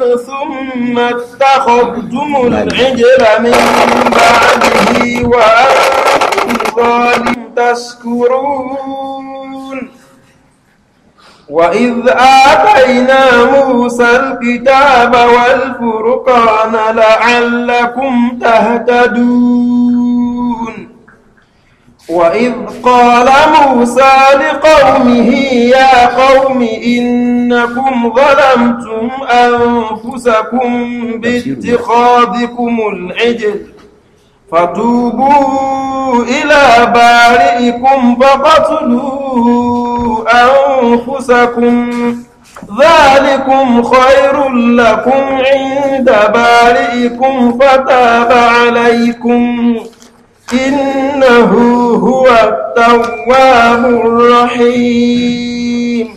ثم اتخذتم العجل من بعده وأنتم ظالم تشكرون وإذ آتينا موسى الكتاب والفرقان لعلكم تهتدون وإذ قال موسى لقومه يا قوم إنكم ظلمتم أنفسكم باتخاذكم العجل فتوبوا إلى بارئكم فقتلوا أنفسكم ذلكم خير لكم عند بارئكم فتاب عليكم إنه هو التواب الرحيم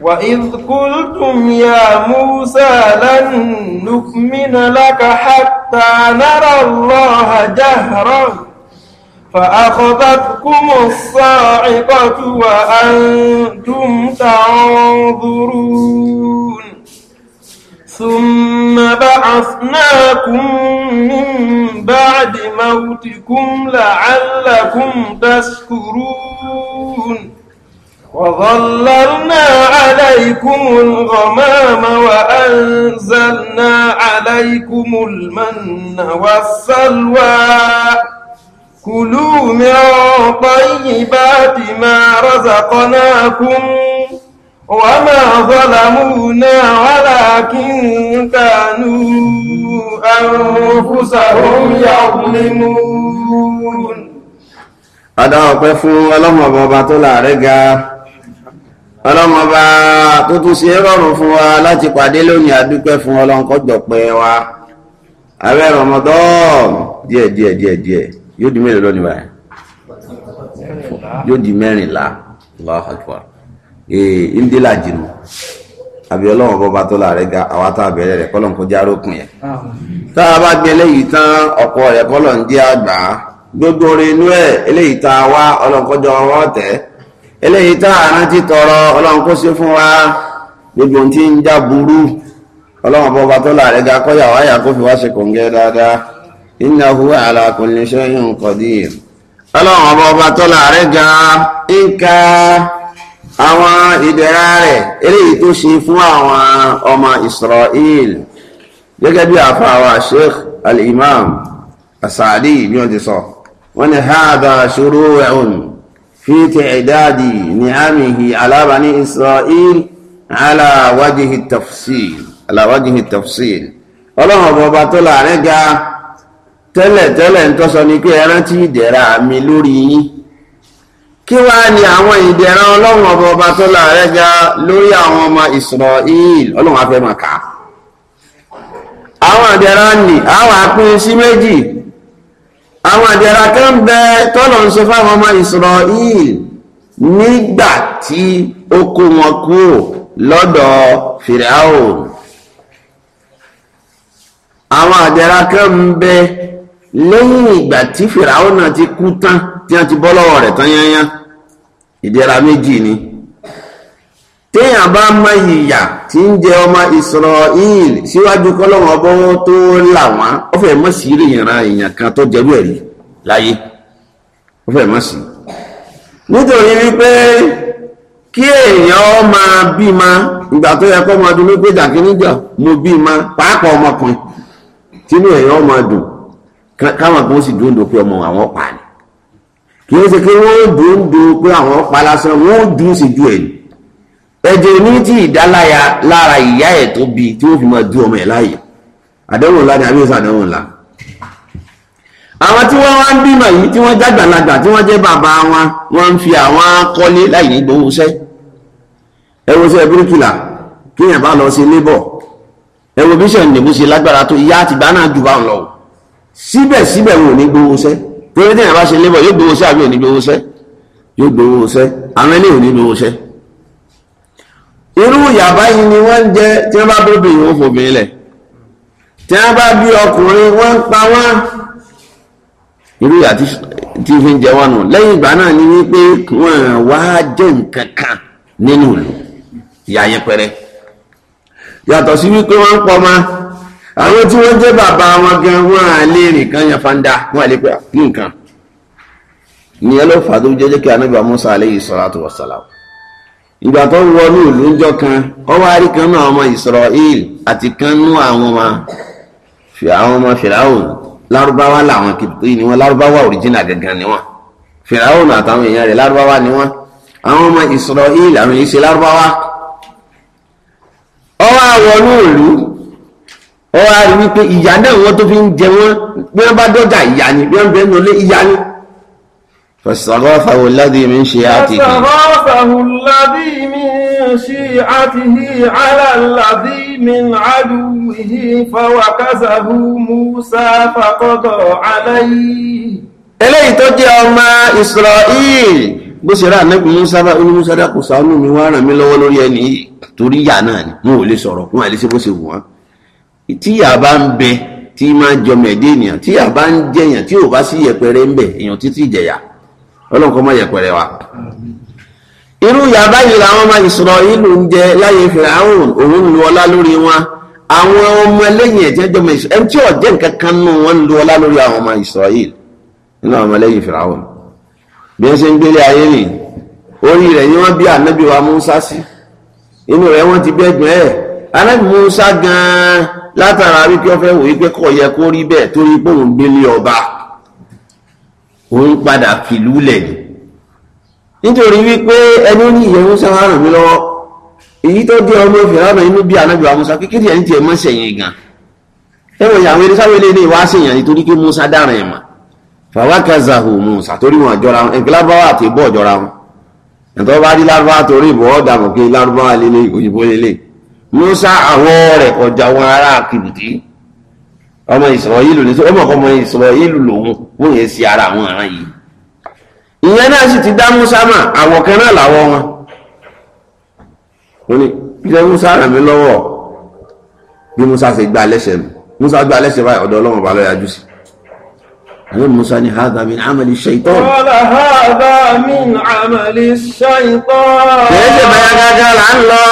وإذ قلتم يا موسى لن نؤمن لك حتى نرى الله جهرا فأخذتكم الصاعقة وأنتم تنظرون ثم بعثناكم من بعد موتكم لعلكم تشكرون وظللنا عليكم الغمام وأنزلنا عليكم المن والسلوى كلوا من طيبات ما رزقناكم وما ظلمونا ولكن كانوا أنفسهم يظلمون Ada ọpẹ́ fún ọlọ́mọba ọba tó láàrẹ́ ga, ọlọ́mọba tó tún ṣe rọrùn fún wa láti pàdé lónìí àdúpẹ́ fún ọlọ́nkọ́jọpẹ́ wa. Àwẹ̀ Ramadan díẹ̀ díẹ̀ díẹ̀ díẹ̀ yóò di mẹ́rin lónìí báyìí, yóò di mẹ́rìnlá, Allahu Akbar, ee, la nù àbí ọlọ́run bọba tó láàrẹ ga àwa tá a bẹ̀rẹ̀ rẹ̀ kọ́lọ̀ ń kọjá rókun yẹn tá a bá gbé eléyìí tán ọ̀pọ̀ rẹ̀ kọ́lọ̀ ń jẹ́ àgbà gbogbo orin inú ẹ̀ eléyìí tá a wá ọlọ́nkọjọ ọwọ́ tẹ̀ eléyìí tá a rántí tọrọ ọlọ́run kó ṣe fún wa gbogbo ohun tí ń já burú ọlọ́run bọba tó láàrẹ ga kọ́yà wáyà kó fi wá ṣe kòǹgẹ́ dáadáa innahu ala kulli shay'in qadir ọlọ́run bọba tó láàrẹ ga ń àwọn ìdẹ̀ra rẹ̀ eléyìí tó ṣe fún àwọn ọmọ Israel gẹ́gẹ́ bí àfàwà Sheikh al-Imam As-Sa'di bí wọ́n ti sọ wọ́n ní hadha shuru'un fi ti'dadi ni'amihi ala bani Israel ala wajhi tafsil ala wajhi tafsil ọlọ́run ọba tó láàrin ga tẹ́lẹ̀tẹ́lẹ̀ ń tọ́sọ ní pé ẹrántí ìdẹ̀ra mi lórí yín kí wá ní àwọn ìdẹ̀ran ọlọ́run ọba ọba tó láàrẹ́ ga lórí àwọn ọmọ Israel ọlọ́run afẹ́ màkà. àwọn ìdẹ̀ran nì àwọn àpín sí méjì àwọn ìdẹ̀ran kan bẹ tọ́lọ̀ ń sọ fáwọn ọmọ Israel nígbà tí ó kó wọn kúrò lọ́dọ̀ Fìràáò àwọn ìdẹ̀ran kan bẹ lẹ́yìn ìgbà tí Fìràáò náà ti kú tán tí wọ́n ti bọ́ lọ́wọ́ rẹ̀ tán yányán ìdẹ̀ra méjì ni téèyàn bá mọ ìyà tí ń jẹ ọmọ Israel síwájú kọ́lọ́wọ́n ọbọ̀ tó là wọ́n ó fẹ́ mọ̀ sí ìrìnran èèyàn kan tó jẹ́rú ẹ̀rí láyé ó fẹ́ mọ̀ sí nítorí wípé kí èèyàn ó máa bímọ ìgbà tó yẹ kó máa dùn wípé dàkíníjà mo bímọ pàápàá ọmọkùnrin tínú èèyàn ó máa dùn káwọn kan sì dúró dòpin ọmọ àwọn pààyàn kì í ṣe pé wọ́n dùn dùn pé àwọn pa lásán wọ́n dùn sí ju ẹ̀ ẹ̀jẹ̀ ní tí ìdáláya lára ìyá ẹ̀ tó bi tí wọ́n fi máa du ọmọ ẹ̀ láàyè àdéhùn ńlá ni àbí ìṣe àdéhùn ńlá àwọn tí wọ́n wá ń bímọ yìí tí wọ́n jágbàlagbà tí wọ́n jẹ́ bàbá wọn wọ́n ń fi àwọn kọ́lé láì ní gbowóṣẹ́ ẹwọ́ sí ẹbíríkìlà kí èèyàn bá lọ sí lébọ̀ ẹwọ́ bíṣẹ̀ ń dèbó ṣe lágbára tó ìyá àtìgbà náà jù bá ń lọ síbẹ̀síbẹ̀ wọn ò ní gbowóṣẹ́ torí tí ìyàbá ṣe lébọ̀ yóò gbowó sẹ́ àbí òní gbowó sẹ́ yóò gbowó sẹ́ àwọn ilé òní gbowó sẹ́ irú ìyàbá yìí ni wọ́n ń jẹ tí wọ́n bá bóbi ìwọ́n fòbin lẹ̀ tí wọ́n bá bí ọkùnrin wọ́n ń pa wọ́n irú ìyà tí fi ń jẹ wọ́n nù lẹ́yìn ìgbà náà ni wípé wọ́n wá jẹ́ nǹkan kan nínú ìlú ìyà yẹpẹrẹ yàtọ̀ sí wípé wọ́n ń pọ́ máa àwọn tí wọ́n jẹ́ bàbá wọn gan wọ́n á lè rìn kan yan fanda wọ́n á lè pẹ́ ní ah, nǹkan ní ẹ ló fà tó jẹ́jẹ́ kí anábì Musa alayhi salatu wassalam ìgbà tó ń wọnú ìlú ń jọ kan ó wá rí kan náà ọmọ Israel àti kan nú àwọn ọmọ àwọn ọmọ Fìràwùn lárúbáwá làwọn kìtì ni wọn lárúbáwá original gangan ni wọn Fìràwùn àtàwọn èèyàn rẹ̀ lárúbáwá ni wọn àwọn ọmọ Israel àwọn èèyàn ṣe lárúbáwá ó wá wọnú wọ́n wá rí wípé ìyá náà wọ́n tó fi ń jẹ wọ́n bí wọ́n bá dọ́jà ìyá ni bí wọ́n bẹ́ẹ̀ ní olé ìyá ni. فاستغاثه الذي من شيعته فاستغاثه الذي من شيعته على الذي من عدوه فوكزه موسى فقضى عليه eléyìí tó jẹ́ ọmọ israel bó ṣe rà nẹ́bí musa bá inú musa dákùn ṣàánú mi wá ràn mí lọ́wọ́ lórí ẹni torí yà náà ni wọn ò lè sọ̀rọ̀ wọn àìlè bó ṣe wù wọ́n tíyà bá ń bẹ tí máa ń jọmọ ẹ̀dẹ́ ènìyàn tíyà bá ń jẹyàn tí ò bá sí yẹpẹrẹ ń bẹ èèyàn títí ìjẹyà ọlọ́run kọ́ mọ́ yẹpẹrẹ wa. irú ìyà báyìí làwọn ọmọ Ísírẹ́lì ń jẹ láyé Fíráúnù òun lu ọlá lórí wọn àwọn ọmọ ẹlẹ́yìn ẹ̀jẹ̀ jọmọ Ísírẹ́lì ẹni tí ò jẹ́ nǹkan kan nù wọn lu ọlá lórí àwọn ọmọ Ísírẹ́lì nínú àwọn ẹlẹ́yìn Fíráúnù bí wọ́n ṣe ń gbélé ayé nìyí orí rẹ̀ ni wọ́n bí ànábì wa sí inú rẹ̀ wọ́n ti bẹ́gbẹ́ ẹ̀ anábì Musa gan-an látara wípé ó fẹ́ wò wípé kò yẹ kó rí bẹ́ẹ̀ torí pé òun gbélé ọba òun padà fìlú lẹ̀ ni nítorí wípé ẹni ó ní ìyẹn Musa wà ràn mí lọ́wọ́ èyí tó jẹ́ ọmọ Fìràwọ̀n inú bí anábì wa Musa kékeré ẹni tiẹ̀ mọ́ sẹ̀yìn gan ẹwọ̀n ìyàwó eré sáwọ́ ilé ilé ìwá sèyàn nítorí kí Musa dáràn ẹ̀ mà fàwákàzàhù Musa torí wọn àjọra wọn ẹ̀kí lárúbáwá àti ìbọ̀ ọ̀jọra wọn ẹ̀tọ́ bá rí lárúbáwá torí ìbọ̀ ọ̀dàmọ̀ kí lárúbáwá lélẹ̀ òyìnbó lélẹ̀ Musa àwọn rẹ̀ ọjà wọn ará kìbìtì ọmọ ìsọ̀rọ̀yìlù ní ọmọ ọmọ ìsọ̀rọ̀yìlù lòun wọ́n yẹn sí ara àwọn àrán yìí ìyẹn náà sì ti dá Musa mà àwọ̀ kan náà làwọ̀ wọn ó ní ìjẹ́ Musa ràn mí lọ́wọ́ bí Musa ṣe gba lẹ́sẹ̀ mi Musa gba lẹ́sẹ̀ báyìí ọ̀dọ̀ Ọlọ́run bá lọ yájú sí Musa ní hadha min amali shaitan. qala hadha min amali shaitan. kì ṣe bẹ́ẹ̀ gángan là ń lọ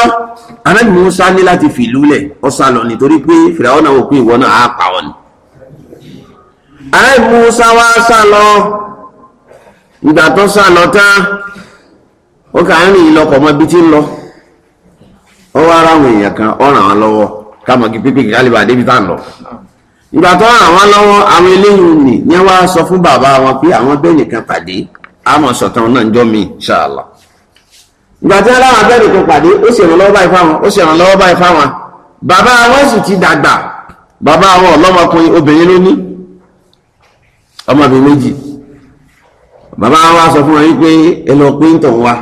anabi musa ní láti fìlú lẹ̀ ó nítorí pé fìràwọ́n náà wò ìwọ náà á pa ni anabi musa wá sá lọ ìgbà tó sá lọ tán ó kà ń rìn lọkọ̀ mọ́ ibi tí ń lọ ó wá ara àwọn èèyàn kan ó ràn án lọ́wọ́ ká mọ̀ kí pípé kálíbà débi tá à ń lọ ìgbà tó ràn wọ́n lọ́wọ́ àwọn eléyìí nì ní wọ́n sọ fún bàbá wọn pé àwọn bẹ́ẹ̀ nìkan pàdé àmọ̀ sọ̀tàn náà ń jọ́ mi insha ìgbà tí wọ́n láwọn abẹ́rẹ́ kan pàdé ó sì rànlọ́wọ́ báyìí fáwọn ó sì báyìí fáwọn bàbá wọn sì ti dàgbà bàbá wọn ọlọ́mọkùnrin obìnrin ló ní ọmọbìnrin méjì bàbá wa sọ fún wọn wípé ẹ lọ pé ń tọ̀ wá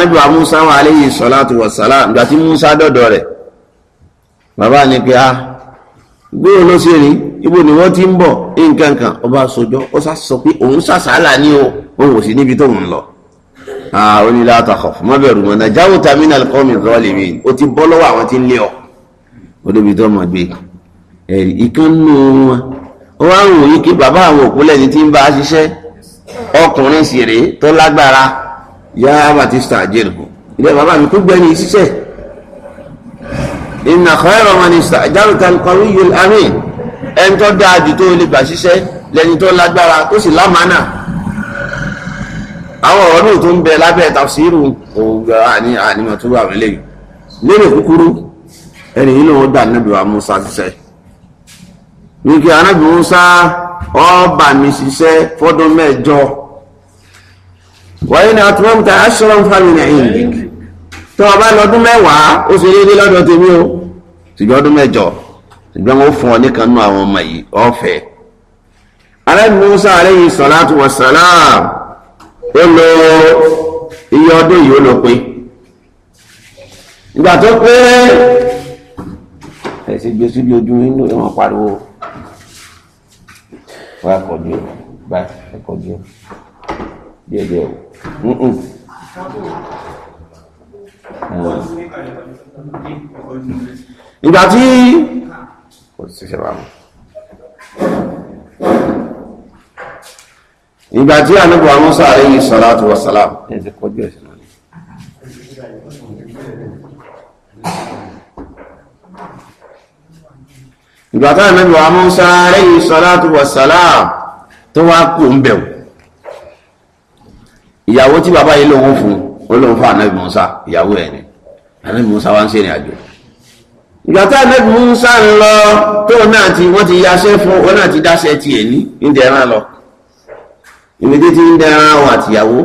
ẹ musa wa aleyhi salatu wa salam musa dọ̀dọ̀ rẹ̀ bàbá ni pé a ah, gbé e ibo ni wọ́n ti ń bọ̀ nǹkan kan ọba sọjọ́ ó sọ pé òun ṣàṣàlà ní o òun ò sí níbi tó ń lọ. ó ní la takhaf má bẹ̀rù mọ́ najawta minal qawmi zalimin ó ti bọ́ lọ́wọ́ àwọn tí ń lé ọ. ó débi tó mọ̀ gbé ẹ̀rí ikán nù wọn. ó wá ń wòye kí bàbá àwọn òkú lẹ́ni tí ń bá a ṣiṣẹ́ ọkùnrin sì rèé tó lágbára yá abatista àjẹrìkù ilé bàbá mi kú gbẹ́ni ṣiṣẹ́ inna khayra man ista'jarta al-qawiyyu al-amin ẹni tó dáa jù tó lè gbà ṣiṣẹ́ lẹni tó lágbára tó sì lámánà àwọn ọ̀rọ̀ náà tó ń bẹ lábẹ́ tafsiru ògbà àní ànímọ̀ tó wà lẹ́yìn lérè kúkúrú ẹni yìí lòun dà níbi wa Musa ṣiṣẹ́ wíkì anábì Musa ọba mi ṣiṣẹ́ fọ́dún mẹ́jọ wáyé ni àtúwọ́mùtà aṣọ́rọ̀ ń fàmì ní ẹ̀yìn tó ọba lọ́dún mẹ́wàá ó ṣe tèmi o ṣùgbọ́n ọdún ṣùgbọ́n wọ́n fún ọ nìkan nú àwọn ọmọ yìí ọ̀fẹ́. alẹ́ musa aleyhi salatu wa salam ó lo iye ọdún yìí ó lọ pé ìgbà tó pé ẹ̀sìn gbé síbi ojú inú ẹ̀ wọ́n pariwo wọ́n akọ̀jú báyìí akọ̀jú díẹ̀ díẹ̀ o ìgbà tí sí ṣe bámu. ìgbà tí ànábì Mùsá alayhi salatu wa salam ẹ̀sẹ̀ kọjú ẹ̀sẹ̀ náà ni. ìgbà tí ànábì Mùsá alayhi salatu wa salam tó wá kú ń bẹ̀wò ìyàwó tí bàbá yìí lòun fún olóhùn fún ànábì Mùsá ìyàwó ẹ̀ ànábì Mùsá wá ń ṣèrìn àjò ìgbàtà nẹ́bí musa ń lọ tó náà tí wọ́n ti yaṣẹ́ fún wọn náà ti dáṣẹ́ ti ẹ̀ ní ìdẹ̀ran lọ ìmìdí ti ń dẹran àwọn àtìyàwó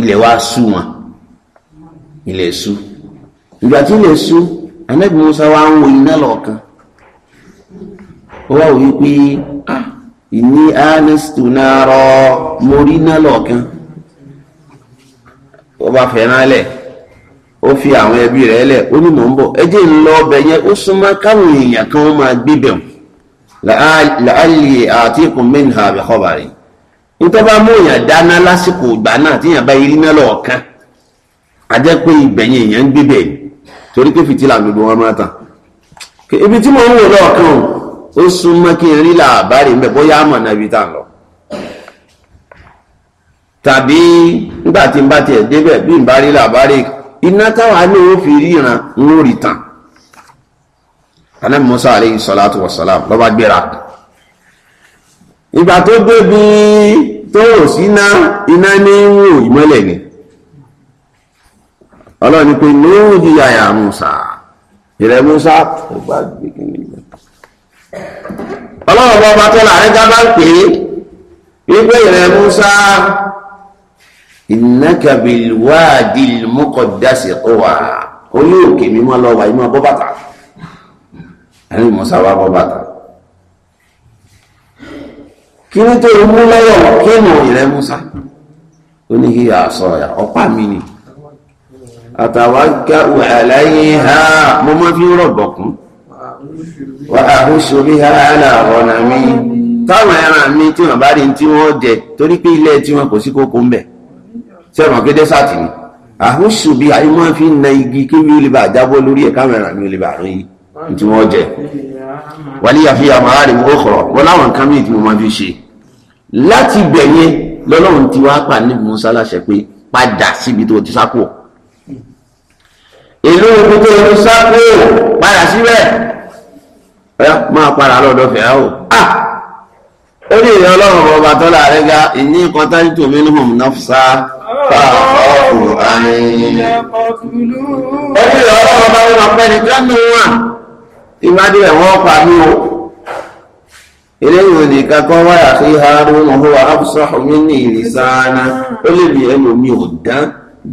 ilẹ̀ wa sú wọn ilẹ̀ sú ìgbà tí ilẹ̀ sú anẹ́bí musa wa ń wo iná lọ́ọ̀kan ó wá wí pé ìní ah, ánìstù náà rọ mo rí iná lọ́ọ̀kan ó bá fẹ́ràn lẹ̀ ó fi àwọn ẹbí rẹ̀ lẹ̀ ó ní mò ń bọ̀ ẹ jẹ́ ń lọ ọbẹ̀ yẹn ó súnmọ́ káwọn èèyàn kan wọ́n máa gbébẹ̀ wọn làálì àti ìkùnmẹ́ni àbẹ̀ kọ́bàrẹ̀ nítorí bá mú èèyàn dáná lásìkò ìgbà náà tíyàn bá yìí ríná lọ́ọ̀kan a jẹ́ pé ìgbẹ̀yìn èèyàn ń gbébẹ̀ ni torí pé fìtílà gbogbo wọn máa tàn ibi tí mo ń wò lọ́ọ̀kan ó súnmọ́ kí n rí làbárè ń bóyá àmọ̀ náà ibi tá à lọ tàbí nígbà tí n bá tiẹ̀ débẹ̀ bí n bá rí làbárè iná táwa ní ó fi ríran ń rí tàn anábì Musa aleyhi salatu wa salam lọ́ba gbéra ìgbà tó débi tó ò síná iná ní wò ìmọ́lẹ̀ ni ọlọ́ni pé ní ó di àyà Musa ìrẹ̀ Musa ọlọ́run ọba tó láàrin jábá ń pè wípé ìrẹ̀ Musa ìnáka bìlúwàdì mọ́kọ̀dásì ọwà orí òkè mímọ́ lọ́wà ìmọ̀ bọ́ bàtà ẹni mọ̀sá wà bọ́ bàtà kí ní tó mú lọ́wọ́ kí nù ìrẹ́ Musa ó ní híyà sọ́ọ̀yà ọ̀pá mi ni àtàwágá wàláyé ha mo máa fi rọ̀bọ̀kún wà áhúṣo bí ha aláàrọ̀ ṣé ẹ mọ̀ pé dẹ́sàtì ni àhúṣù bíi ayé máa fi na igi kí mi ò lè bá jábọ́ lórí ẹ̀ kámẹ́rà mi ò lè bá rún yìí tí wọ́n jẹ wàlí àfihàn màá rí mọ́ kọ̀rọ̀ wọn láwọn nǹkan míì tí mo máa fi ṣe láti bẹ̀ lọ́lọ́run ti wá pà níbi Musa láṣẹ pé padà síbi tó ti sápò ìlú ogun tó ti sápò padà síbẹ̀ máa para lọ́dọ̀ fẹ́ o ah! ó ní ìyá ọlọ́run ọba tó láàrẹ́ ga ìní nǹkan táyé tó mi nùhùn náfṣá fàáfọ́ọ̀fù àmì. ó ní ìyá ọlọ́run ọba wọn ọpẹ́ ní kánú wà ìwádìí ẹ̀ wọ́n pa mí o. eléyìí òní kankan wáyà sí harun ọ̀hún wa absahu mi ní ìrìsáná ó lè bí ẹnu mi ò dán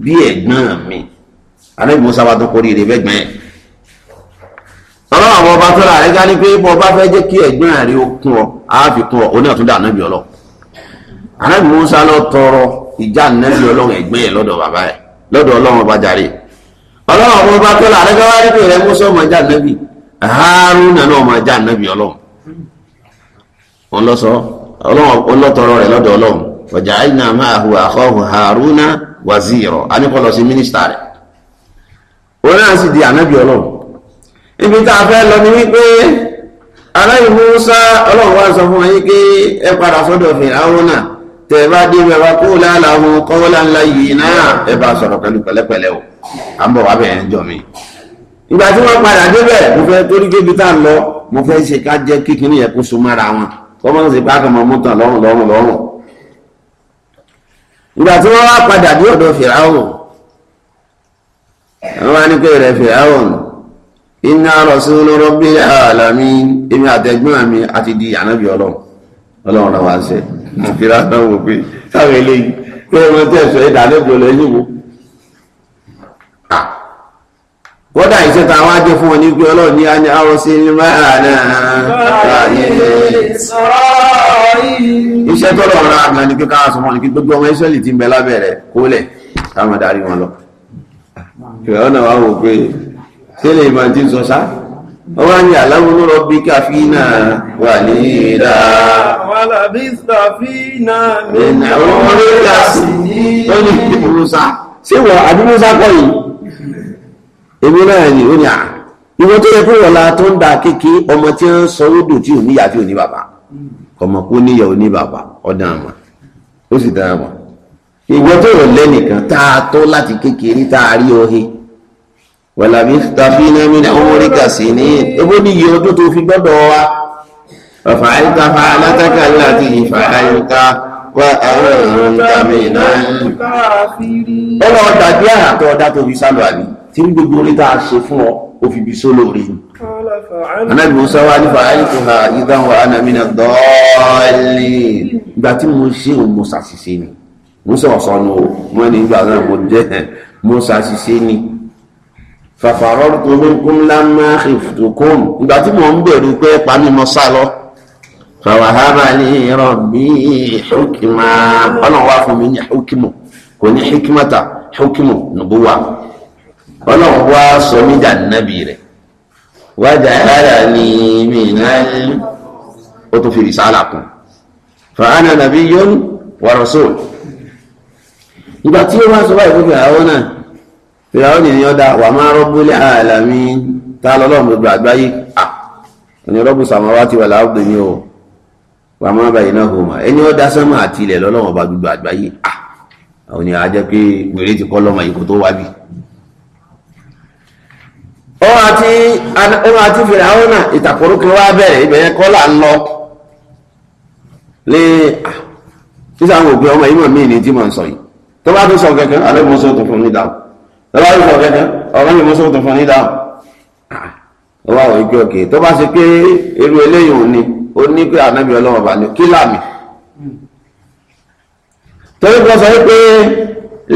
bí ẹ̀gbọ́n mi. àlẹ́ ìgbọ́n sábà tó kórìíre bẹ́gbẹ́ ọlọ́run àwọn ọba tó rà rẹ̀ gá ní pé bọ́ ọba fẹ́ jẹ́ kí ẹ̀gbọ́n rẹ̀ ó kún ọ àáfi kún ọ oní àtúndà ànábì ọlọ ànábì Musa lọ tọrọ ìjà ànábì ọlọ́run ẹ̀gbọ́n yẹn lọ́dọ̀ bàbá ẹ̀ lọ́dọ̀ ọlọ́run ọba jàre ọlọ́run àwọn ọba tó rà rẹ̀ gá wá ní pé rẹ̀ Musa ọmọ ìjà ànábì Haruna náà ọmọ ìjà ànábì ọlọ́run ọlọ́sọ ọlọ́tọrọ rẹ̀ lọ́dọ̀ ibi tá a fẹ́ lọ ni wípé aláì Musa ọlọ́run wá sọ fún yín pé ẹ padà sọ́dọ̀ Fìráúnà tẹ̀ bá dé bẹ̀ bá kó láàláhùn kọ́wọ́lá ńlá yìí náà ẹ bá sọ̀rọ̀ pẹ̀lú pẹ̀lẹ́pẹ̀lẹ́ o à ń bọ̀ wá bẹ̀rẹ̀ ń jọ mi. ìgbà tí wọ́n padà débẹ̀ mo fẹ́ torí débi tá a lọ mo fẹ́ ṣe ká jẹ́ kíkiní yẹn kó so mára wọn kọ́ mọ́ sí pé àkàmọ́ mú tàn lọ́rùn lọ́rùn lọ́rùn. ìgbà tí wọ́n wá padà dé ọ̀dọ̀ Fìráúnà wọ́n wá ní pé rẹ̀ Fìráúnà iná rọ̀sùn lọ́rọ̀ bí àlàmí èmi àtẹ̀gbọ́n mi àti di ànábì ọlọ́run ọlọ́run náà wá ṣe ìfira náà wò pé táwọn eléyìí pé ọmọ tẹ̀sọ̀ ẹ̀dá ànábì ọlọ́run yìí wò. Ah. kódà iṣẹ́ tá a wá jẹ́ fún wọn ní pé ọlọ́run ní àní àròsí ní máa náà iṣẹ́ tó lọ́wọ́ náà gan ni kíkà sọmọ ní gbogbo ọmọ Ísírẹ́lì ti ń bẹ rẹ̀ kólẹ̀ táwọn darí wọn lọ sílẹ̀ ìmọ̀ tí ń sọ sá wọ́n wá ní àláwọ̀ lọ́rọ̀ bí káfíínà wà ní ìdá wàlábí káfíínà mẹ́nà wọ́n rí kásì ní ìmúsá sí wọ́n àdúmúsá kọ́ yìí èmi náà ni ó ní à ìwọ́n tó yẹ kó wọ̀la tó ń da kéèké ọmọ tí ń sọ ódò tí ò níyà tí ò ní bàbá ọmọ kó níyà ò ní àmà ó sì dára mọ̀ ìwọ́n tó yọ lẹ́nìkan tá a tọ́ láti kékeré tá a wàlàbí tàfínà mí náà wọ́n kàsí ní ebó ní iye ọdún tó fi gbọ́dọ̀ wa ọ̀fà àyíká fa alátàkà láti ìfà àyíká wá àwọn ọ̀rọ̀ ìta mi náà ó lọ dàbí àràtọ̀ ọ̀dá tó fi sálọ àbí tí ní gbogbo orí tá a ṣe fún ọ ó fi bí sólò rí anábì musa wá nípa àyíkò ha ìdáhùn anamínà dọ́ọ̀lì ìgbà tí mo ṣe òun mo ṣàṣìṣe ni mo sọ̀rọ̀ sọnù o mo ní ìgbà náà mo jẹ́ mo ṣàṣìṣe ni fàfàrọ́ tó minkum lámà ìfùtùkùn ìgbà tí mò ń bẹ̀rù pé pàmí mo sá lọ fàwàhábà ní rabbi hukima ọlọ́run wá fún mi ní hukimu kò ní hikimata hukimu nubuwa ọlọ́run wá sọ mí dà nábì rẹ̀ wajalani minal ó tún fi rìsálà kún fa ana nabiyyun wa rasul ìgbà tí ó wá sọ báyìí fún mi àwọn náà fìràwọ́nì ni ọ̀dà wà máa rọ́gbólé àlàmí tá a lọ́lọ́run gbogbo àgbáyé à ah, òní rọ́gbù sàmáwátì wà láàbùdó ni o wà máa bàyí náà hò mà ẹni ọ̀dà sánmà àti ilẹ̀ lọ́lọ́run ọba gbogbo àgbáyé à ah, òní àjẹ́ pé wèrè ti kọ́ lọ́mọ yìí kó tó wá bì. òun àti òun àti ìtàkùrú kan wá bẹ̀rẹ̀ ibẹ̀ yẹn kọ́ là ń lọ lé sísá ah, òpin ọmọ yìí mọ̀ mí ní tí mò ń sọ yìí tó bá tó sọ kankan lọ́wọ́ yóò sọ kẹ́kẹ́ ọ̀rọ̀ yìí mọ́ sọ́kùtù fún ní dáhùn ó wà wọ́n gbé ọ̀kẹ́ tó bá ṣe pé irú eléyìí ò ní ó ní pé ànábì ọlọ́wọ́ bá ní kí láàmì torí kan sọ wípé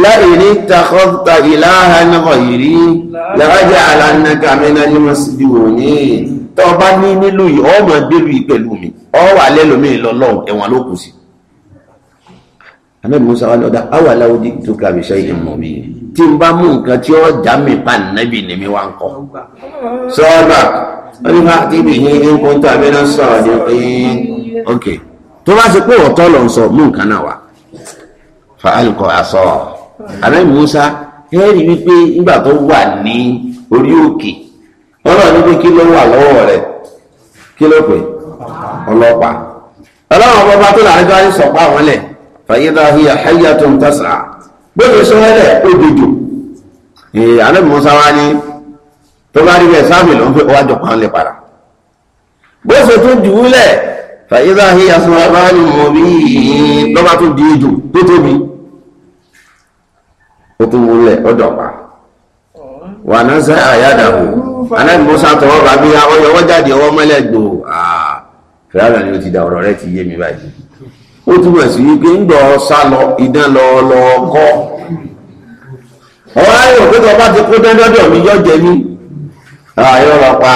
láìrí takọ́ta ìlàhà náà ìrí lọ́wọ́jà alánàkà mẹ́ná ní mọ́sídì òní tó bá ní nílò ọmọ gbèrú pẹ̀lú mi ọ wà lẹ́lòmí lọ́lọ́run ẹ̀wọ̀n ló kù sí anábì musa wà lọ́dà awàláwọ́dì tó kàbíṣẹ́ tí n bá mú nǹkan tí ó já mi pa nàbì ni mi wá ń kọ. sọ́ọ́bà ó ní máa ti bìí ní kóńtà abẹ́rẹ́ sọ̀rọ̀ ní pé ok tó bá ṣe pé ọ̀tọ̀ lọ sọ mú nǹkan náà wá fa alukọ aṣọ àbẹ́ Musa ẹ̀rí wípé nígbà tó wà ní orí òkè ọlọ́run ní pé kí ló wà lọ́wọ́ rẹ̀ kí ló pè ọlọ́pàá ọlọ́run ọba tó làwọn ẹjọ́ á sọ̀pá àwọn lẹ̀ fàyídà hiya hayyatun tas'a gbọ́dọ̀ sọ́rẹ́lẹ̀ ó dojò àlẹ́bí musa wá ní tó bá rí bẹ́ẹ̀ sáàmì ló ń fẹ́ wájọ pa ń lè para bó ṣe tún jù ú lẹ̀ fàyíbá hi asọ́ra bá ní mọ̀ bí lọ́ba tún di ejò tó tóbi ó tún wú lẹ̀ ó dọ̀pa wà náà sẹ́ àyádàbò àlẹ́bí musa tọwọ́ bàbí ọyọ́ jáde ọwọ́ mọ́lẹ̀ gbò fẹ́ràn ni ó ti da ọ̀rọ̀ rẹ ti yé mi báyìí ó túmọ̀ sí wípé ń gbọ́ sá lọ ìdán lọ lọ kọ́ ọ̀rọ̀ ayé òkúta ọba ti kó dẹ́dọ́dọ̀ mi yọ́jẹ́ ní ààyè ọ̀rọ̀ pa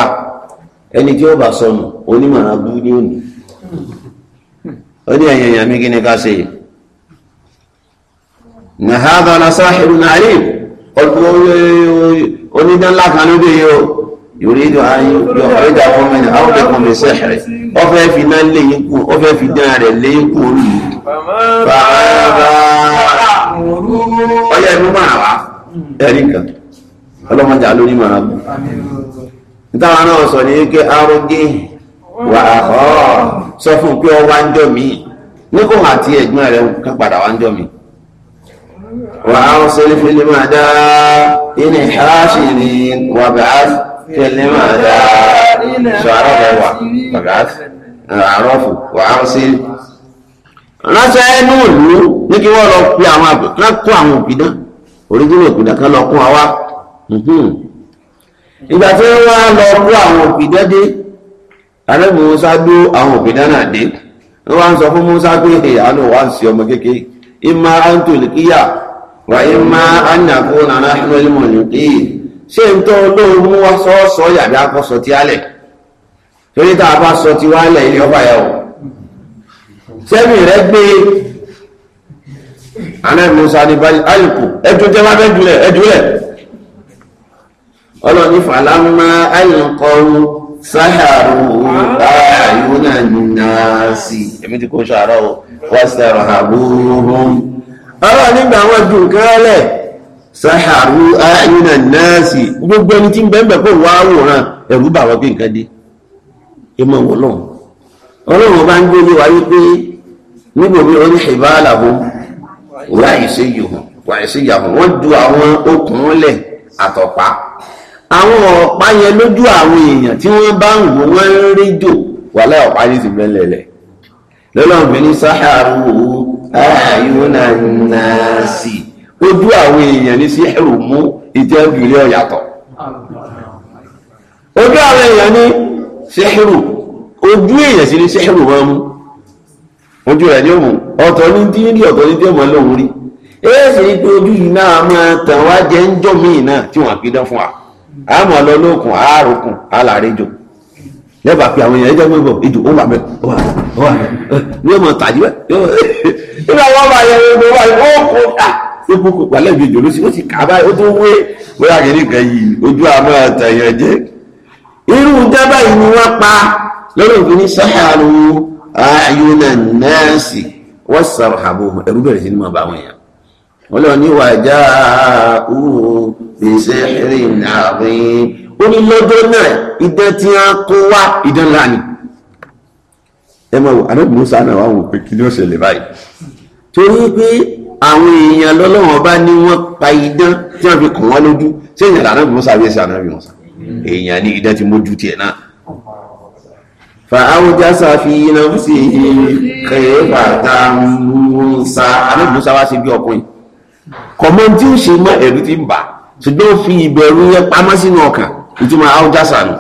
ẹni tí ó bá sọnù onímọ̀ràn bú ní òní ó ní ẹ̀yìn èèyàn mi kí ni ká ṣe nàhádà nasáhìrù nàáyé ọdún onídánlá kan ló dé yìí yòrìdò ayé yọ ẹ̀dà fọ́mẹ́nà áwọ̀dẹ̀kùn lè sẹ́ẹ̀rẹ̀ ó fẹ́ fi náà lè yín kú ó fẹ́ fi dán rẹ̀ lè yín kú olù fàábà ọyẹ ẹnu máa wá ẹ̀rí kan ọlọ́mọdé alóní máa bù nítawọn náà sọ ní wípé arógé wà áhọ́ sọ fún pé ọwá ń jọ mí ní kò àti ẹ̀gbọ́n rẹ̀ ká padà wá ń jọ mí wà á sọ ní fílímù àdá ìní ìhárásì ní كلمة شعرف وبعث أعرف وأرسل ránṣẹ́ inú ìlú ní kí wọ́n lọ pe àwọn àbùkán kó àwọn òpìdán orígbìmọ̀ òpìdán kan lọ kún wa wá mhm. ìgbà tí wọ́n lọ kó àwọn òpìdán dé àrẹ́bù Musa dó àwọn òpìdán náà dé wọ́n wá ń sọ fún Musa pé àánú wa ń sí ọmọ kékeré ìmá àǹtò lè wà ìmá àǹyàkó nàrà ìmọ̀lẹ́mọ̀lẹ́ ṣé n tó olóòrùn mú wá sọ́ọ̀sọ́ yàbí akọ́sọ ti álẹ̀ torí tá bá sọ ti wálẹ̀ ilé ọba yà ó sẹ́mi rẹ gbé anẹ́bí musa ní alìkù ẹtù tẹ́ wá bẹ́ẹ̀ jùlẹ̀ ẹjùlẹ̀ ọlọ́ni fàlámà alìkọrù sáhàrù ààyùnà nàásì èmi ti kó ṣàárọ̀ wọ́n sẹ́rọ̀ ọlọ́ni gbà wọ́n sáhàrú ààyùnà náàsì gbogbo ẹni tí ń bẹ́ẹ̀ bẹ́ẹ̀ kó wá wòran ẹ̀rú bà wọ́n pé nǹkan dé ìmọ̀ wọn lọ́n ọlọ́run bá ń gbé ní wáyé pé níbo mi orí ṣèbá àlàbò wáyé sí yòhùn wáyé sí yàhùn wọ́n ju àwọn okùn lẹ̀ àtọ̀pá àwọn ọ̀pá yẹn lójú àwọn èèyàn tí wọ́n bá ń wò wọ́n ń rí jò wà láì ọ̀pá yìí ti bẹ́ẹ̀ lẹ̀ lọ́lọ́run fi ní sáhàrú ààyùnà náàsì ojú àwọn èèyàn ní sí ẹrù mú ìjẹ́gìrì ọ̀yàtọ̀ ojú àwọn èèyàn ní sẹ́hìrù ojú èèyàn sí ní sẹ́hìrù wọn mú ojú rẹ̀ ní òmù ọ̀tọ̀ ní tí ní ọ̀tọ̀ ní tí ó mọ̀ lóhun rí èèsì ní pé ojú yìí náà máa tàn wá jẹ ń jọ míì náà tí wọ́n pidán fún wa a mọ̀ lọ lókun àárokùn alárejò lẹ́bàá pé àwọn èèyàn ẹjọ́ gbẹ́bọ̀ ìjò ó wà mẹ́ wà mẹ́ ní ọmọ tàjú ẹ̀ yóò facebook pàlẹ́ ìbejì ló sì ó sì kà báyìí ó tó wé bóyá kìíní kan yìí ojú àmọ́ àtàyàn jẹ́ irú jábà yìí ni wọ́n pa lọ́dọ̀ òfin ní sáhàrù ayúnà nẹ́ẹ̀sì wọ́n sàrò àbò ẹ̀rú bẹ̀rẹ̀ sí ní máa bá wọn yàn wọ́n lọ ní wàjá òun ìṣe ìrìn àárín ó ní lọ́jọ́ náà idán tí wọ́n kó wá idán ńlá ni ẹ máa wò àdókùnmọ́sá náà wà wò pé kí ni ó ṣẹlẹ̀ báyìí torí pé àwọn èèyàn lọ́lọ́wọ́n bá ní wọ́n pa idán tí wọ́n fi kàn wọ́n lójú ṣé èèyàn lànà bí wọ́n sàbí ẹ̀sẹ̀ àná bí wọ́n sà èèyàn ní idán ti mójú tiẹ̀ náà. fa awùjá sàfihàn náà sì kẹ́ bàtà musa àná musa wá sí bí ọkùnrin kọ̀mọ́ tí ó ṣe mọ́ ẹ̀rú ti ń bà ṣùgbọ́n ó fi ìbẹ̀rù yẹn pamọ́ sínú ọkàn ìtumọ̀ awùjá sànù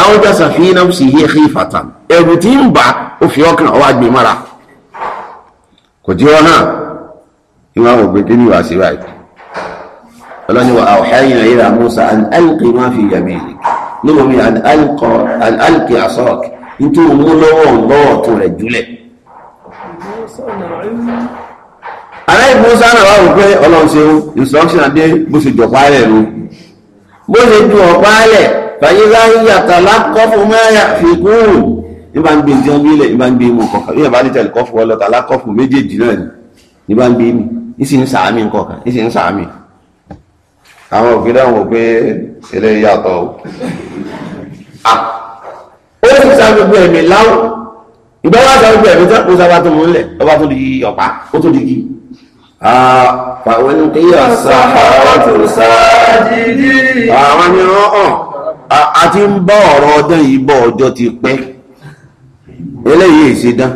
awùjá sàfihàn náà sì kẹ́ bàtà ẹ̀rù ti ń bà ó fi ọkàn ọwọ́ àgbè mọ́ra kò tí ọ náà ìwọ́n àwọn òpin kí ni wàá sí báyìí ọlọ́ni wa àwòháyìn ìlà Musa an alqi ma fi yaminik níbo mi an alqi asọ́ọ̀k nítorí mú lọ́wọ́ lọ́wọ́ tó rẹ̀ jùlẹ̀. aláì Musa náà wà wípé ọlọ́run ṣe instruction adé bó ṣe jọ̀pá rẹ̀ ló bó ṣe ju ọ̀pá rẹ̀ fàyíká yàtọ̀ lákọ́fù mẹ́rin fi kúrò ìbá ń gbé ìjọba ilẹ̀ ìbá ń gbé ìmọ̀ kọ̀ọ̀kan ìyẹn bá ní tẹ̀lé kọ́fù ọlọ́ta lákọ́fù méjèèjì náà ni ìbá ń gbé ìmọ̀ ìsì ń sàámì nǹkan ìsì ń sàámì àwọn òkè dáhùn pé ilé yàtọ̀ o ó sì sá gbogbo ẹ̀mí láwù ìgbà wà sá gbogbo ẹ̀mí tó sábà tó mú ọba tó di ọ̀pá ó tó di gi. Fàwọn ní kíyà tó sáájì ní. Àwọn ni wọ́n hàn a ti ń bá ọ̀rọ̀ ọdún yìí bọ̀ ọjọ́ ti pẹ́ eléyìí ìṣedán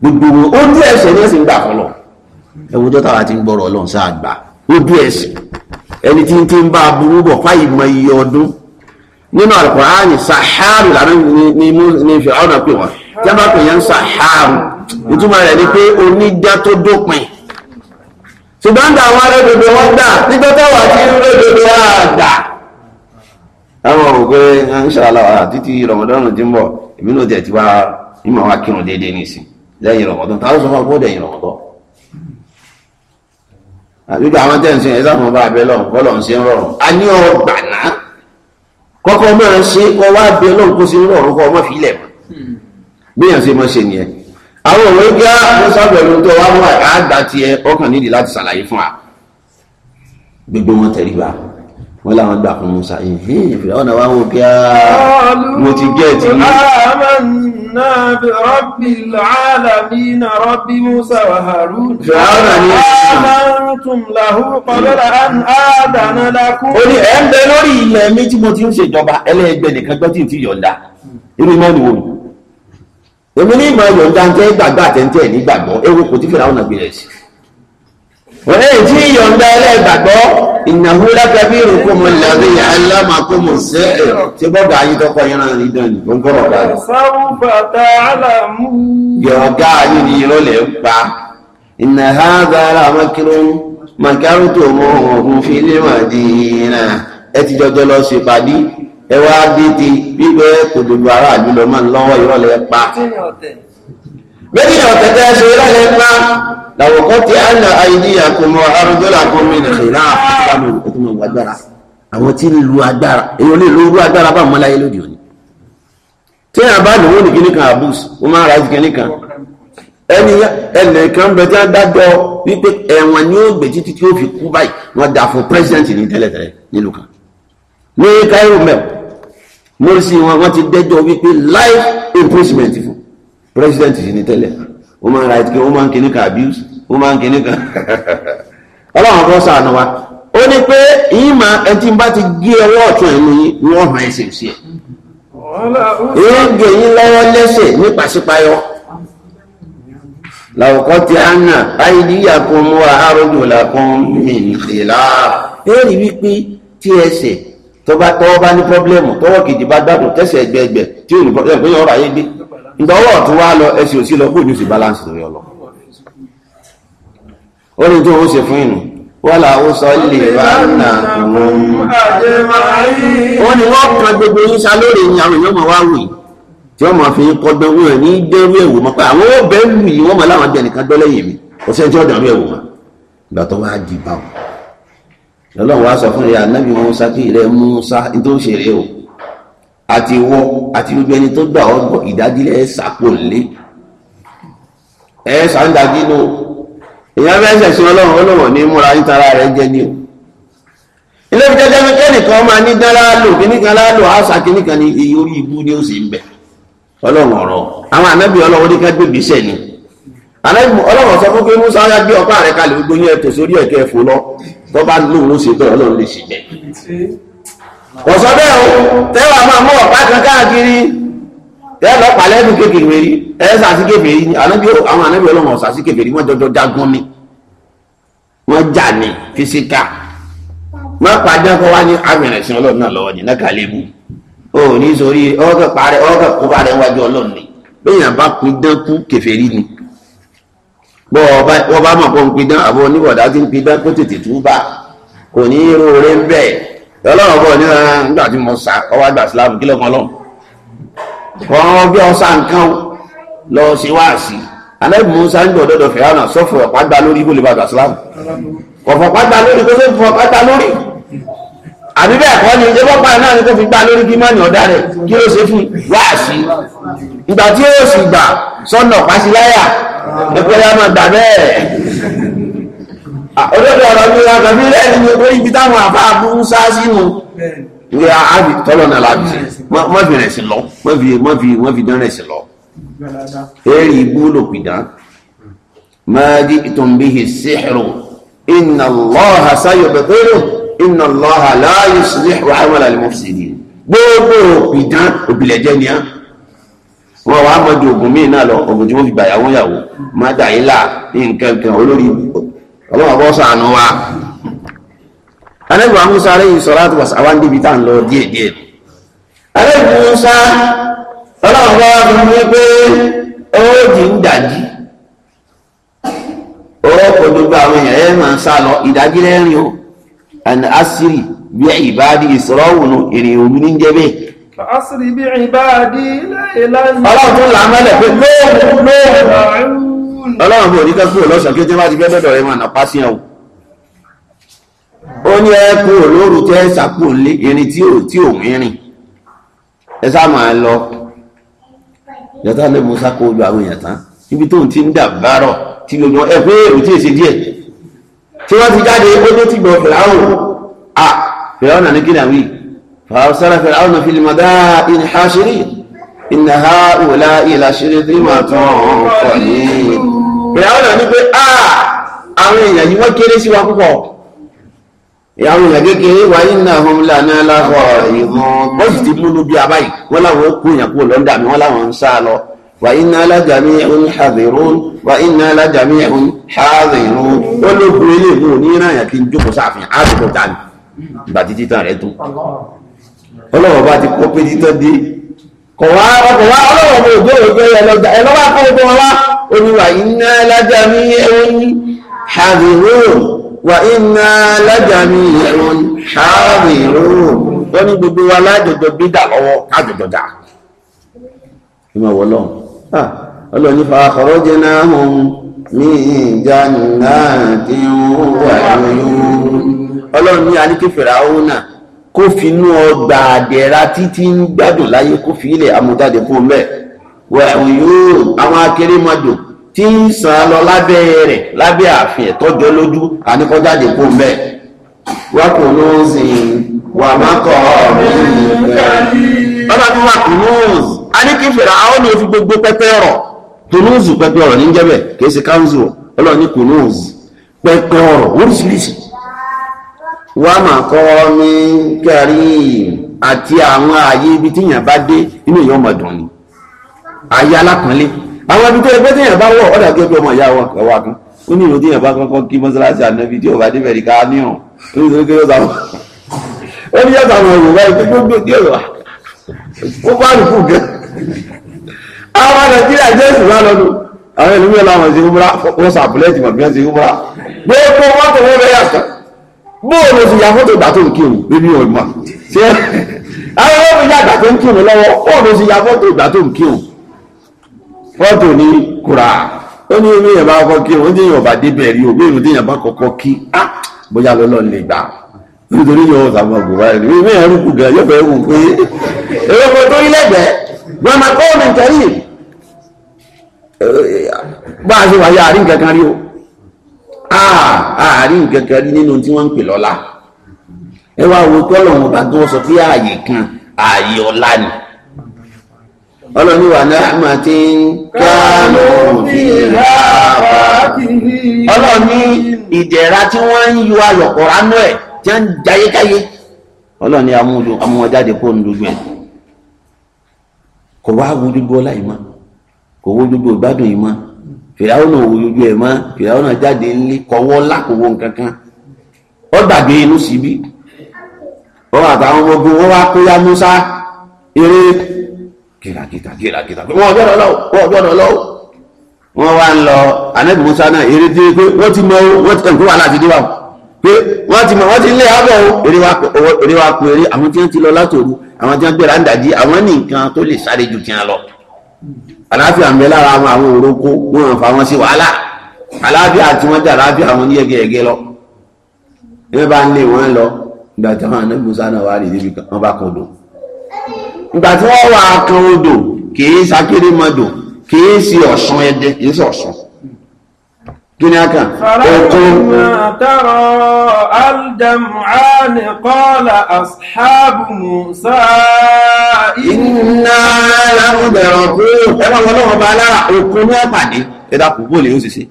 gbogbo ojú ẹsẹ̀ ní ẹ̀sìn gbà fọlọ́. ẹwọ́n tó tàwa ti ń gbọ́rọ̀ ọlọ́run sáà gbà ojú ẹ̀sìn ẹni tí ń ti ń bá aburú bọ̀ fáyì mọ iye ọdún nínú al sàhárù lànà ní fi ọ̀nà pè wọ́n jábà pè yẹn sàhárù ìtumọ̀ rẹ̀ ni pé tó dópin ṣùgbọ́n dà wọn wọn gbà nígbà àti wọn àwọn pé ah, rọmọdọ́nù ti ń bọ̀ èmi tẹ̀ ti àbíkọ àwọn tẹ̀sí ẹ̀ sáfún bá abẹ́ lọ́wọ́ kọ́ lọ́n ṣe ń rọrùn a ní ọ̀rọ̀ gbàná kọ́kọ́ máa ṣe kọ́ wá abẹ́ lọ́wọ́ kó ṣe ń rọrùn kọ́ ọmọ fìlẹ̀ mọ́ bíyàn ṣe mọ́ ṣe nìyẹn àwọn òwe gá mo sábẹ̀rù tó wá wà àgbà tiẹ̀ ọkàn nídìí láti ṣàlàyé fún wa gbogbo wọn tẹríba wọ́n láwọn gbà fún Musa ìhìn ìfìlà ọ̀nà wa wò kí á mo ti gẹ́ẹ̀tì yìí آمنا برب العالمين رب موسى وهارون آمنتم له قبل أن آذن لكم ó ní ẹ̀ ń bẹ lórí ilẹ̀ mi tí mo ti ń ṣèjọba ẹlẹ́gbẹ́ nìkan gbọ́ tí n ti yọ̀ǹda irú iná ni wọ́n èmi ní ìmọ̀ yọ̀ǹda ń tẹ́ gbàgbà àtẹ̀ntẹ̀ nígbàgbọ́ ewu kò tí fẹ́ràn àwọn àgbèrè sí i wọ́n lẹ́yìn tí ìyọ̀ǹda ẹlẹ́gbàgbọ́ ìnáwó lákàbí ìrùkúmọ̀ ìlànà alámàkúmọ̀ sẹ́ẹ̀ tí bọ́gà ayé tọ́kọ yẹnà rí dání ó ń gbọ́rọ̀ bá rẹ̀. sáwùbàtà àlàmú. yọ̀ọ̀gá ayé ni ìrọ̀lẹ̀ ń pa ìnà ha dára mákìrò mákàrú tó mọ ọ̀hún fi lè mà dìínà ẹ ti jọjọ lọ sí ìpàdé ẹ wá dé ti gbígbẹ́ kòdòdó méjìlá ọ̀tẹ̀tẹ̀ ṣe lẹ́lẹ́ ńlá làwọ̀kọ́ tí a nà àìdíyà kò mọ arúgbọ́là kò mí nà ṣe náà ìsìlámù ìkùnmọ̀ agbára àwọn tí ń lu agbára èèyàn lè lóru agbára bá mọ́ láyé lóde òní tí a bá lòwó ní kíní kan abus ó máa ra kíní kan ẹni ẹnìkan bẹ tí a dájọ́ wípé ẹ̀wọ̀n ni ó gbé títí tí ó fi kú báyìí wọ́n dà fún pírẹsidẹ̀ntì ní tẹ́lẹ̀tẹ́lẹ̀ nílùú kan ní Cairo mẹ́ọ̀ mọ́rìsì wọn wọ́n ti dẹ́jọ́ wípé life imprisonment fún president yìí ni tẹ́lẹ̀ woman right kí woman kìíní kan abuse woman kìíní kan ọlọ́run kọ́ sànù wa ó ní pé ìmọ̀ ẹtí bá ti gé ọwọ́ ọ̀tún ẹ̀mú yín ni wọ́n hàn ẹsẹ̀ sí ẹ̀ ìyẹn gé yín lọ́wọ́ lẹ́sẹ̀ ní pàṣípayọ́ làwùkọ́ ti àná àìdíyà kan mú wa àròjò làkún mi nìlá. bẹ́ẹ̀ ni wípé tí ẹsẹ̀ tọ́ba tọ́wọ́ bá ní pọ́blẹ́mù tọ́wọ́ kejì bá gbádùn tẹ́sẹ̀ ẹgbẹ̀ẹ̀gbẹ̀ tí ò ní pọ́blẹ́mù pé yọ̀ọ́ ráyé gbé ìgbà ọwọ́ ọ̀tún wá lọ ẹsẹ̀ òsì lọ kóòdù sí balance lórí ọlọ. ó ní tó o ṣe fún ìnù wọ́n là ó sọ lè bá nà wọ́n. ó ní wọ́n kan gbogbo yín sá lórí ni àwọn èèyàn máa wá wù yìí tí wọ́n máa fi kọ́gbẹ́ wù ẹ̀ ní dẹ́rú ẹ̀wò mọ́ pé àwọn ó bẹ́ẹ̀ wù yìí wọ́n máa láwọn abẹ́ nìkan dọ́lẹ́yìn mi kò sẹ́ni tí wọ́n dàrú ẹ̀wò mọ́ ìgbà tó wá di báwọn lọ́lọ́run wá sọ fún ìyá anábì musa kí ilẹ̀ musa tó ń ṣeré o àti wọ àti gbogbo ẹni tó gbà ọ́ gbọ́ ìdájílẹ̀ ẹ̀ sàpò lé ẹ̀ sàǹdàjì nù èèyàn fẹ́ ṣẹ̀ṣẹ̀ ọlọ́run ọlọ́run ní múra nítara rẹ̀ jẹ́ ní o ilé ìjẹ́ jẹ́ pé nìkan máa ní dán láàlò kíníkan láàlò àṣà kíníkan ní iye orí ibú ni ó sì ń bẹ̀ ọlọ́run ọ̀rọ̀ àwọn anábì ọlọ́run ní ká gbèbí ni ọlọ́run sọ fún pé musa yá gbé ọ̀pá rẹ̀ kalẹ̀ gbogbo yẹn tòsórí ẹ̀kẹ́ fò lọ tó bá lóun ló ṣe bẹ́ẹ̀ ọlọ́run lè ṣe bẹ́ẹ̀ kò sọ bẹ́ẹ̀ o tẹ́wà máa mú ọ̀pá kan káàkiri tẹ́ẹ̀ lọ pàlẹ́ ẹnu kékeré rí ẹ sàsí kékeré ní ànábì àwọn ànábì ọlọ́run ọ̀sàsí kékeré wọ́n jọjọ jagun ni wọ́n jà ní fisika wọ́n pàdé ọkọ̀ wá ní amìrìnsìn ọlọ́run náà lọ́wọ́ ní náà lébu ó ní sórí ọkọ̀ parẹ́ ọkọ̀ kó parẹ́ wájú ọlọ́run ni lóyìn àbá kú dánkú kèfèrí ni bọ́ wọ́n bá mọ̀ pé ń pidán àbọ̀ oníbọ̀dá ti ń pidán kó tètè tú bá kò ní irú oore ń bẹ̀ ọlọ́run bọ̀ ní ah, nígbà tí mo sà ọwọ́ àgbà síláàmù kí lọ́kàn lọ́hùn ọ̀rọ̀ bí ọ̀sà nǹkan lọ sí wáàsí alẹ́ musa ń gbọ́ dọ́dọ̀ fìrànà sọ́fọ̀ ọ̀págbá lórí ibò àgbà síláàmù kọ̀fọ̀ pátá lórí kó tó fọ̀ pátá lórí àbí bẹ́ẹ̀ kọ́ ni ewọ́ pa náà ni kó fi gbá lórí kí mọ́ni ọ̀dá rẹ̀ kí ó ṣe fún wáàsí ìgbà tí ó sì gbà sọ́nà pàṣíláyà nípa yá máa gbà bẹ́ẹ̀ ah, olóòtú ọ̀rọ̀ mi ra kàbí lẹ́yìn ní pé ibi táwọn àfa àbúrú sá sínú ìwé àbí tọ́lọ̀ náà láti má fi rẹ̀ sí lọ má fi má fi má fi dán rẹ̀ sí lọ. èrì ibú ló pìdán máa di ìtòǹbìhì síhìrù inna Allaha sayubtiluhu inna Allaha la yuslihu amala al-mufsidin gbogbo òpìdán òpìlẹ̀jẹ̀ ni á wọn wàá mọdún ogun míì náà lọ ogun tí wọn fi gbà yàwó yàwó má dà yín là nǹkan kan olórí ọlọ́wọ́ bọ́ sànù wa. alẹ́bùn amúsá alayhi salatu wa sàwọn débi tá à ń lọ díẹ̀ díẹ̀. alẹ́bùn amúsá ọlọ́wọ́ bá wà fún mi pé owó ti ń dàjí owó kò gbogbo àwọn èèyàn ẹ̀ máa ń sá lọ ìdájí lẹ́rìn o an asiri bí ìbáàdì ìsọ̀rọ̀ òun ìrìn òru ní jẹ́ bẹ́ẹ̀ asiri bí ìbáàdí ilẹ̀ ọlọ́run tó là mẹ́lẹ̀ pé lóòrùn lóòrùn ọlọ́run bò ní kẹ́kù lọ́sàn kí tí wá ti fẹ́ dọ̀dọ̀ rẹ̀ wọn àpá sí ẹ̀wọ̀n ó ní ẹkù olóòrùn tẹ́ ṣàkó lé irin tí ò tí ò rìnrìn ẹ sá máa lọ yàtá lé musa kó lu àwọn èèyàn tán níbi tóun ti ń dà bárọ̀ tí lójú ẹ èrò tí èsì díẹ̀ tí wọ́n ti jáde ó tó ti gbọ̀ fìlà وأرسل فرعون في المدائن حاشرين إن هؤلاء لشرذمة قليل فرعون ní pé ah! àwọn èèyàn yìí wọ́n kéré sí wa púpọ̀ àwọn èèyàn kékeré wa innahum lana laghaa'izun wọ́n sì ti múnú bí abáyì wọ́n láwọn kú èèyàn kú lọ́ndà mi wọ́n láwọn ń sá lọ wa inna la jami'un hadhirun wa inna la jami'un hadhirun ó ló gbé ilé ìwò ní ìrànyà kí n jókòó sáàfin á jókòó dání ìgbà títí tán rẹ̀ tó ọlọ́wọ́ bá ti kó pé títọ́ dé kọ̀wá ọkọ̀wá ọlọ́wọ́ bó gbé ògbé ẹlọ́gbà ẹlọ́wà kọ́ ogun ọlá oníwà iná lájà mí ẹ̀wọ̀n ṣàbìrún wà iná lájà mí ẹ̀wọ̀n ṣàbìrún tó ní gbogbo wa kó finú ọgbà àdẹ̀ra títí ń gbádùn láyé kó fi ilẹ̀ amújáde fún un bẹ́ẹ̀ wẹ̀hùn yóò àwọn akérèmọdò tí ń sàn lọ lábẹ́ rẹ̀ lábẹ́ ààfin ẹ̀tọ́jọ́ lójú àníkọ́jáde fún un bẹ́ẹ̀ wọ́n kò ní ó sìn wà mákọ̀ bàbá tó wà kùnúùs a ní kí fèrè àwọn ní fi gbogbo pẹpẹ ọ̀rọ̀ kùnúùs pẹpẹ ọ̀rọ̀ ní jẹbẹ kì í ṣe káńsù Ọlọ́run ní kùnúùs pẹpẹ ọ̀rọ̀ oríṣiríṣi wà mà kọ́ mi karim àti àwọn ààyè ibi tí èèyàn bá dé inú èèyàn ọmọ dùn ni ààyè alápọ̀nlé àwọn ibi tó yẹ pé tí èèyàn bá wọ̀ ọ̀dà gẹ́gẹ́ bí ọmọ ìyá wọn kọ̀ wá kan ó ní ìròyìn èèyàn bá kọ́kọ́ kí mọ́sálásí ànábi tí ó bá débẹ̀ ríka níhàn ó ní ìròyìn kéwọ́ sáwọn ó ní yàtọ̀ àwọn òwò báyìí pé gbogbo dé ọ̀rọ̀ ó bá rù fún gan àwọn nàìjíríà jẹ́ ìsìn bá lọ́nu àwọn ènìyàn làwọn ìsìn kúmúra wọ́n sàpùlẹ́tì mọ̀ bí wọ́n ti kúmúra gbogbo mọ́tò wọn bẹ yàtọ̀ bóòlù sì ya fọ́tò ìgbà tó ń kírun bébí ò mọ̀ ṣé àwọn ọmọ ìyá ìgbà tó ń kírun lọ́wọ́ ya fọ́tò ìgbà tó ń kírun onye ní kura ó ní ilé yẹn bá kọ́ kírun ó ní ọba débẹ̀ rí yẹn bá kọ́kọ́ kí á bóyá lọ́lọ́ nítorí yẹn gan yóò fẹ́ wù pé tó àárín ah, nǹkan kan rí nínú tí wọ́n ń pè lọ́lá ẹ wá wo tọ́lọ̀ wọn bá tó sọ pé ààyè kan ààyè ọlá ni ọlọ́ni wà náà mà ti ń kánú fi ráàbà ọlọ́ni ìdẹ̀ra tí wọ́n ń yọ ayọ̀kọ̀rá nú ẹ̀ tí wọ́n ń jayékáyé ọlọ́ni amúhànjáde kó ń dúgbẹ́ kò wá wo gbogbo ọlá yìí mọ́ kò wo gbogbo ìgbádùn yìí mọ́ fìràwọnà òwòjú ẹ mọ fìràwọnà jáde ńlẹ kọwọ lákòwò nkankan ó gbàgbé inú síbí ó àtàwọn ọmọ ogun ó wá kóyá musa eré kìràkìtà kìràkìtà wọn ọjọ́ lọ́wọ́ wọn ọjọ́ lọ́wọ́ wọn wá ń lọ anabi musa náà eré dé pé wọn ti mọ wọn ti ẹnkú wà láti dé o pé wọn ti mọ wọn ti lé abọ o eré wa kun eré àwọn tí wọn ti lọ látòru àwọn tí wọn gbéra ń dàjí àwọn ní nǹkan tó lè sáré ju tiwọn lọ àlàáfíà ń bẹ lára àwọn àwọn òrókó wọn àǹfà wọn sí wàhálà àlàáfíà tí wọ́n jà àlàáfíà wọn ní ẹgẹẹgẹ lọ ẹ bá ń lé wọn lọ ìgbà tí wọn àná gbòsá náà wà níbi wọn bá kan odò ìgbà tí wọn wà kan odò kì í sakérémọdò kì í sí ọ̀sán ẹdẹ kì í sí ọ̀sán gini aka okun tara al-jam'an qala ashabu musa inna la'udaraku ẹwà wọn lọ́wọ́ bá lára okun ní ọ̀pàdé ẹ̀dà kò bóòlì ó sì sí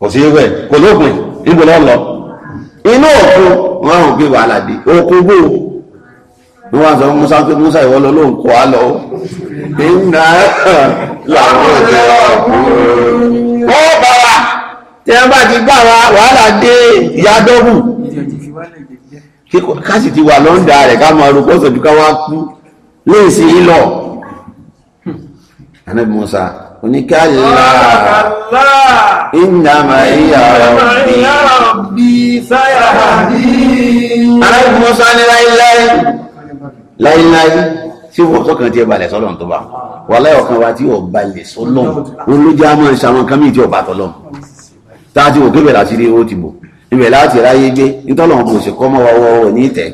kò sí ewé kò lópin níbo lọ lọ inú òkun wọn ò gbé wàhálà dé okun gbó ni wọn sọ musa pé musa ìwọ lọ ló kọ á lọ inna la'udaraku wọ́n bá wa tí wọ́n bá ti bá wa wàhálà dé ìyádọ́gù káàsì ti wà lọ́ndà rẹ̀ ká máa rúkọ́ sọ̀jú ká wá kú léèsì ìlọ̀ anábì Musa oníkàlá ìnàmà ìyàrá bí sáyà bí anábì Musa tí wọ́n sọ́kàn tí ẹ balẹ̀ sọ́lọ́n tó bá wọn wàhálà ọkàn wa tí ò balẹ̀ sọ́lọ̀ òun ló jẹ́ àmọ́ ìṣàwọn nǹkan míì tí ò bá tọ́lọ̀ tá a ti wò kébẹ̀ láti rí owó ti bò ibẹ̀ láti ráyé gbé nítorí àwọn kò sì kọ́ mọ́ wọ́wọ́ ní ìtẹ́.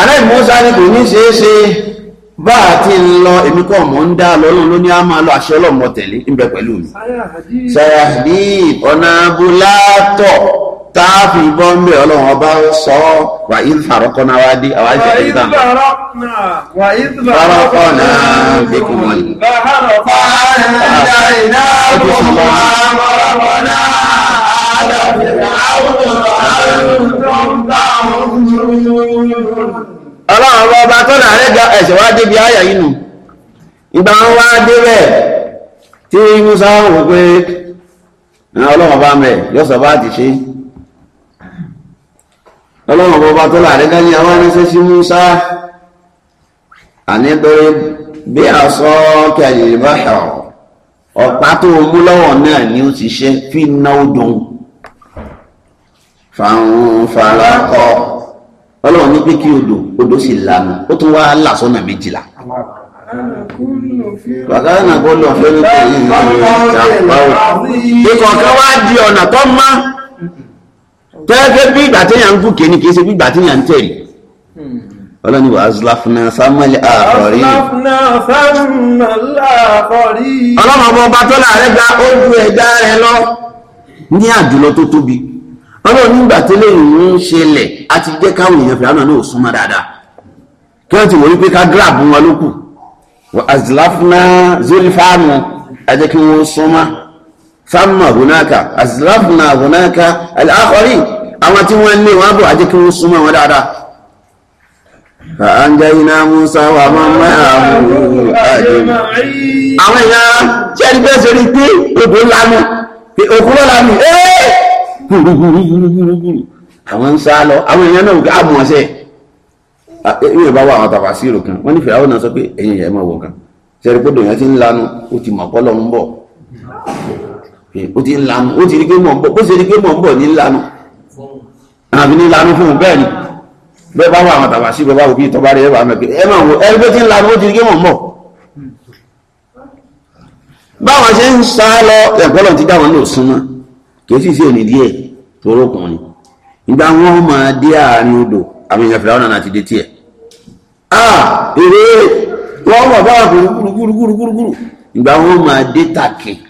aláìmọ́ sáré kò ní ṣeé ṣe bá a ti ń lọ èmi kọ́ mọ̀ ń dá lọ́lọ́run ló ní a máa lọ àṣẹ ọlọ́mọ tẹ̀lé ń bẹ pẹ̀lú mi. sayahdi ọ̀nà abúlátọ̀ táàfin bọ́ńbẹ́ ọlọ́run ọba sọ wà ìlú fàrọ́kọ́ náà wá dé àwa jẹ́ ìlú tàn. fàrọ́kọ́ náà bíkú mọ́ ni. fàrọ́kọ́ náà iná bò fàrọ́kọ́ ọba náà ẹ̀sẹ̀ wá àyà yìí nù ìgbà wá tí musa pé ọba ọlọ́run ọba tó láàrin dání àwọn aránṣẹ́ sí Musa ànítorí bí àṣọ kẹlẹ̀ bá ṣàwọ̀ ọ̀pá tó mú lọ́wọ́ náà ni ó ti ṣe fi ná odùn fàrùn farakọ ọlọ́run ní pé kí odò odò sì lanu ó tún wá là sọ́nà méjìlá. Bàkárà náà kọ́ lọ́ọ̀fẹ́ nípa ìyìn ìjàpá o. Ikọ̀ kan wá di ọ̀nà tó máa. tẹ́ẹ̀kẹ́ bí ìgbà téèyàn ń gùnkè ní kìí ṣe bí ìgbà téèyàn ń tẹ̀lé ọlọ́ni wà azlafna sámọ́lì àkọ̀rí ọlọ́mọ̀bọ̀ ọba tó láàrẹ́ gba ojú rẹ lọ ní àjùlọ tó tóbi ọlọ́ni ìgbà tẹ́lẹ̀ ń ṣẹlẹ̀ àti jẹ́ káwọn èèyàn fìlànà náà súnmọ́ dáadáa kí wọ́n pé ká wọn fámà hùnáka àsìláfùnà hùnáka àkọrí àwọn tí wọ́n lé wọ́n bọ̀ ajé kí wọ́n súnmọ́ wọn dáadáa fàánjẹ́ iná musa wà mọ́ mẹ́rànmú àjẹ́mú àwọn èèyàn tí ẹni bẹ́ẹ̀ sọ ní pé òkú lánà òkú lánà ẹ́ẹ́ àwọn ń sá lọ àwọn èèyàn náà gbá mọ̀ ṣe ní ìbá wà àwọn tàbá sí ìròkàn wọ́n nífẹ̀ẹ́ àwọn náà sọ pé ẹ̀yìn ìyẹn mọ̀ wọ̀ kan ṣẹ́rí pé ti ń lanu ó ti mọ̀ pọ́lọ́ ń Eh, ó ti ń lanu ó ti rí pé mọ̀ ń bọ̀ bó ṣe rí pé mọ̀ ń bọ̀ ní lanu àbí ní lanu fún un bẹ́ẹ̀ ni bẹ́ẹ̀ bá wà àwọn tàbá sí bẹ́ẹ̀ bá wò bí tọ́ba rẹ̀ wà mẹ́kẹ́ ẹ máa wo ẹni pé ti ń lanu ó ti rí pé mọ̀ ń bọ̀ báwọn ṣe ń sá lọ ẹ̀pọ́lọ̀ ti dáwọn lò súnmọ́ kì í sì sí òní díẹ̀ toró kan ni ìgbà wọn máa dé àárín odò àmì ìyàfẹ́ àwọn àti dé tiẹ̀ ah èrè wọn wà báwọn kúrúkúrúkúrúkúrú ìgbà wọn máa dé tàkì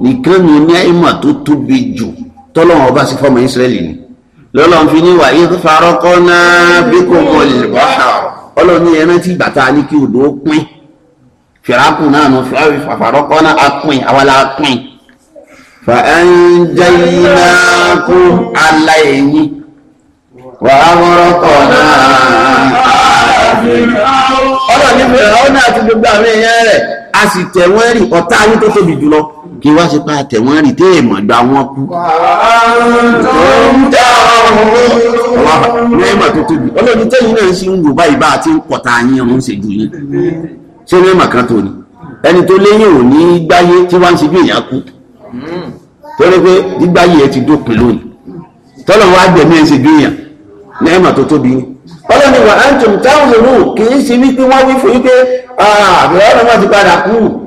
nìkan ní ní ìmọ̀ tó tóbi jù tọ́lọ́wọ́n ọba sí fọmọ Ísírẹ́lì ni lọ́lọ́run fi ní wà yí farọ́kọ́ náà bí kò mọ ìlúbà ọlọ́run ní ẹran tí bàtà ní kí odò ó pín fìràkùn náà nù farọ́kọ́ náà á pín àwọn la pín fa anjaynakum aláìní wà á wọ́rọ́kọ̀ náà ọlọ́run ní fìràkùn náà ti gbogbo àwọn èèyàn rẹ̀ a sì tẹ̀ wọ́n rí ọ̀tá ayé tó tóbi jùlọ kí wá sí pa àtẹ̀wọ́n rí tí èèmọ̀ gba wọn kú. ní ẹ̀mọ̀ tó tóbi ọlọ́run tẹ́yìn náà sì ń wò báyìí bá a ti ń pọ̀ta yín ọ̀run ṣe jù yín ṣé ní ẹ̀mọ̀ kan tó ni ẹni tó léyìn ò ní gbáyé tí wọ́n ń ṣe bí èèyàn kú torí pé gbígbáyé ẹ ti dópin lónìí tọ́lọ̀ wá gbẹ̀mí ẹ̀ ṣe bí èèyàn ní ẹ̀mọ̀ tó tóbi ni ọlọ́run wà á ń tòun táwọn òun kì í ṣe wípé wọ́n wí fún wípé àbẹ̀wọ́n náà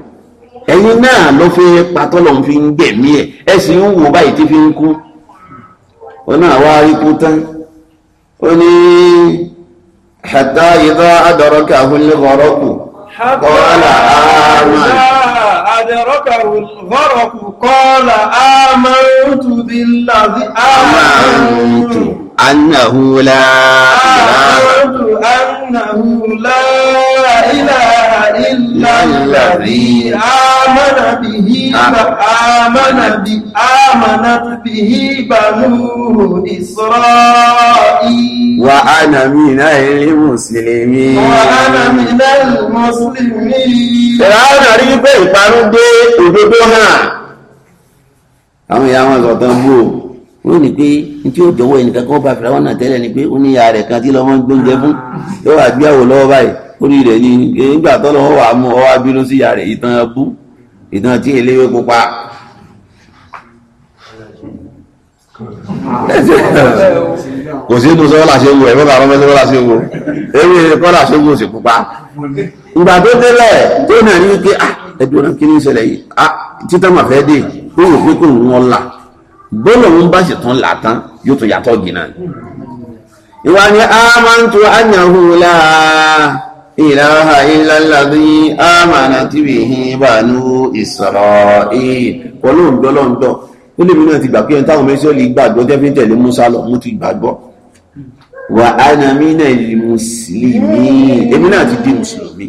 ẹ̀yin náà ló fi patọ́lọ̀ fi ń gbẹ̀mí ẹ̀ ẹ sì ń wò báyìí tí fi ń kú ó náà wá rí tán ó ní hatta idha adrakahu al-gharaq qala amantu. qala amantu. أنه لا أنه لا إله إلا الذي آمن به آمن به آمنت به بنو إسرائيل وأنا من المسلمين وأنا من المسلمين فرعون rí pé ìparun dé òdodo hàn àwọn yóò ní pé ní tí yóò jọwọ ẹnìkan kó bá fìlà wọn náà tẹ́lẹ̀ ni pé ó ní ìyá rẹ̀ kan tí lọ́mọ gbóúnjẹ fún yóò wá gbé àwò lọ́wọ́ báyìí orí rẹ̀ ni nígbà tó lọ́wọ́ wà mú ọwọ́ abínú sí ìyá rẹ̀ ìtàn bú ìtàn tí eléwé pupa. kò sí inú sọ́wọ́ làṣẹ wo ẹ̀fọ́ bàbá mẹ́sọ́wọ́ làṣẹ wo ewé kọ́ làṣẹ wo sì pupa. ìgbà tó délẹ̀ tó nà ní pé ah, ẹ̀dùn kí ni ìṣẹ̀lẹ̀ yìí ah, títàn gbólóhùn bá sì tún là tán yóò tún yàtọ̀ gìnà ìwà ni amantu annahu la ilaha illalladhi amanat bihi banu isra'il olóhùn gbọ́lọ́ńdọ́ ó lè mìíràn ti gbà pé ẹni táwọn mẹ́sọ́lì gbàgbọ́ tẹ́fí tẹ̀lé Musa lọ mú ti gbàgbọ́ wà á na mí náà di mùsùlùmí èmi náà ti di mùsùlùmí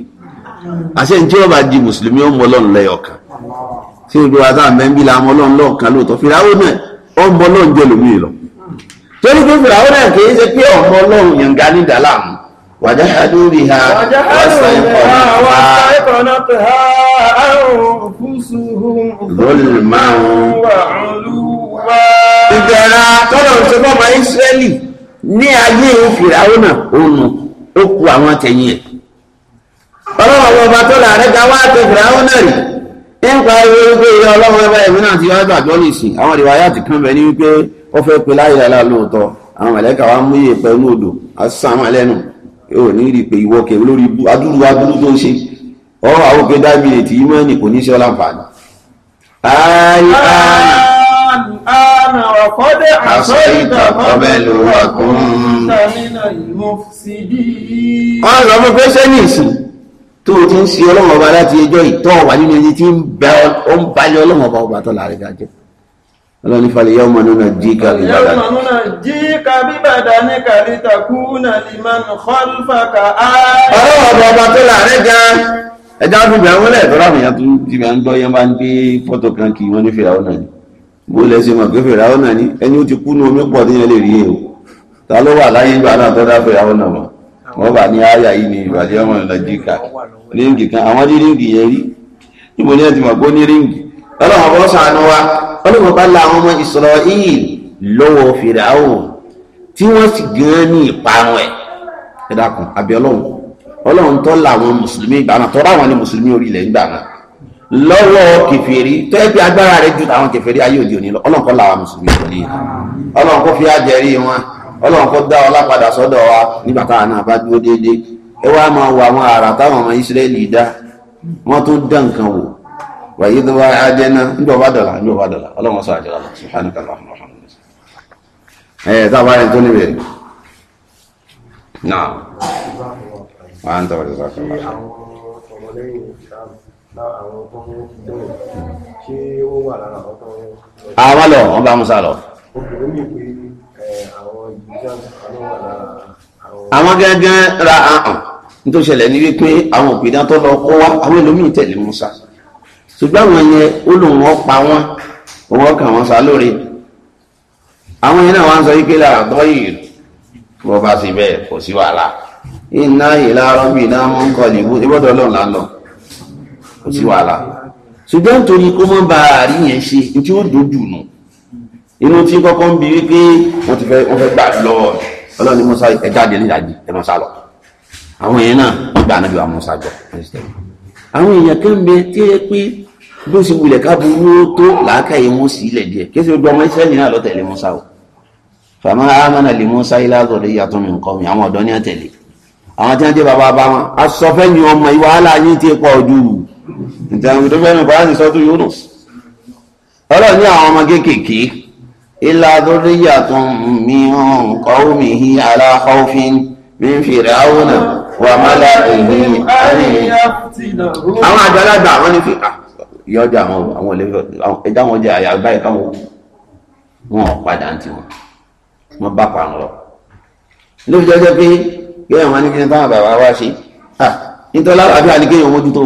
àṣẹ ní tí wọ́n bá di mùsùlùmí ó Ọlọ́run lẹ́yọ̀kan tí ó gbé wa táwọn mẹ́ńbí la mọ Ọlọ́run lọ́ọ̀kan lóòótọ́ fìlà ó náà ọmọ ọlọ́run jẹ́ lómi lọ torí pé fìlàwọ́ náà kìí ṣe pé ọmọ ọlọ́run yànga ní dàlámù wàjáhádó rí ha wàsá ìkọ̀nà ha lọ́lùmáhùn ìgbẹ̀ra tọ́lọ̀ ń sọ bọ́mọ ìsírẹ́lì ní ayé fìlàwọ́ náà òun ó ku àwọn tẹ̀yìn ẹ̀ ọlọ́run ọba tọ́lọ̀ àrẹ́gá wá tẹ náà rí nípa ẹgbẹ́ wípé ilé ọlọ́run ẹgbẹ́ ẹ̀mí náà ti wá gbàgbọ́ nìsín àwọn ìwà ayáàtì kan bẹ ní wípé wọ́n fẹ́ pe láyé lálá lóòótọ́ àwọn mẹ̀lẹ́kà wa mú iye pẹ̀lú odò àsàmà lẹ́nu ò ní rí pé ìwọ kẹ lórí adúrú adúrú tó ń ṣe ọ àwọn òkè dábìlì tí ìmọ̀ ẹ̀nì kò ní ṣe ọlànfààní. ayé àná ọ̀kọ́dẹ́ àsọ̀yìntà ọbẹ̀ ló wà kún. wọ́n lọ fún pé sẹ́yìn ìsìn tó o ti ń ṣe ọlọ́run ọba láti ẹjọ́ ìtọ́ wà nínú ẹni tí ń bẹ ọ ń balẹ̀ ọlọ́run ọba ọba tó láàrin ká jẹ ọlọ́run ní falẹ̀ yọ́mọ nínú jí kárí bàdà ní. yọ́mọ nínú jí kárí bàdà ní kárí takú náà lè máa ń kọ́lùfà ká á. ọlọ́run ọba ọba tó láàrin ga ẹja tó ti bẹ̀ ń gbọ́ yẹn bá ń gbé fọ́tò kan kì í wọ́n ní fèrèwọ́ náà ni bó lẹ ṣe mọ̀ pé fèrèwọ́ náà ni ẹni ó ti kú ní omi pọ̀ níyẹn lè rí e ríǹgì kan àwọn ní ríǹgì yẹn rí níbo ní ẹtì màgbó ní ríǹgì ọlọ́run bọ́ wa ọlọ́run bá la àwọn ọmọ Ísírẹ́lì lọ́wọ́ Fáráò tí wọ́n sì gan ní ìparun ẹ̀ ẹ dákun àbí ọlọ́run ọlọ́run tó la àwọn mùsùlùmí ìgbà náà tọ́ra àwọn ní mùsùlùmí orílẹ̀ ìgbà náà lọ́wọ́ kẹfẹ́rí tó ẹ bí agbára rẹ̀ ju àwọn kẹfẹ́rí ayé òde òní lọ ọlọ́run kó ẹ wá máa wọ àwọn àrà táwọn ọmọ Ísírẹ́lì dá wọ́n tún dá nǹkan wò wàyí tó bá ajẹ́ náà nígbà bá dọ̀là nígbà bá dọ̀là ọlọ́wọ́n sọ àjọ lọ sùhánù kàlà ọ̀hún ọ̀hún ẹ̀ táwa ẹ̀ tó níbẹ̀ náà wà á ń tọ́wọ́ ìjọba kan lára. àwọn lọ wọn bá Musa lọ. àwọn gángan ra ahàn. Ah nítorí ṣẹlẹ̀ ni wípé àwọn òpìdán tó lọ kó wá àwọn ẹlòmíì tẹ̀lé Musa ṣùgbọ́n àwọn yẹn ó lòun wọ́n pa wọ́n òun ọkàn wọn sá lórí àwọn yẹn náà wá ń sọ wípé lára dọ́yìn wọ́n bá sí bẹ́ẹ̀ kò sí wàhálà iná ìlà rọ́bì náà mọ́ ń kọ́ nìbú ìbọ́dọ̀ ọlọ́run là ń lọ kò sí wàhálà ṣùgbọ́n nítorí kó mọ́ bá àrí yẹn ṣe ní tí ó dojú nù inú tí kọ́kọ́ ń bi wípé wọ́n ti fẹ́ gbà lọ́wọ́ ọlọ́run ni Musa ẹ̀ jáde nídàájí ẹ̀ mọ́ sá lọ àwọn èèyàn náà gba ànábì wa Musa gbọ́ àwọn èèyàn kan bẹ tí ó yẹ pé bó ṣe wulẹ̀ ká burú tó làákàyè wọn sí ilẹ̀ díẹ̀ kí ó sì gbọ́ ọmọ Ísírẹ́lì náà lọ tẹ̀lé Musa o fàmà àmàna lè Musa ilá àgọ́dẹ yàtọ̀ mi nǹkan mi àwọn ọ̀dọ́ ní àtẹ̀lé àwọn tí wọ́n jẹ́ bàbá bá wọn asọ́fẹ́ ni ọmọ ìwà aláàyè ti pọ̀ ju ìtàn tó fẹ́ràn wà mọ́lá èyí àwọn àgbàlagbà àwọn ní fíkà yọjọ àwọn àwọn olè ẹjá wọn jẹ àyà báyìí káwọn wọn padà ń tiwọn wọn bá pa àwọn lọ ló fi jọjọ pé yóò wọn ní kí n táwọn bàbá wá ṣe nítorí àbí àlìkéyàn mójútó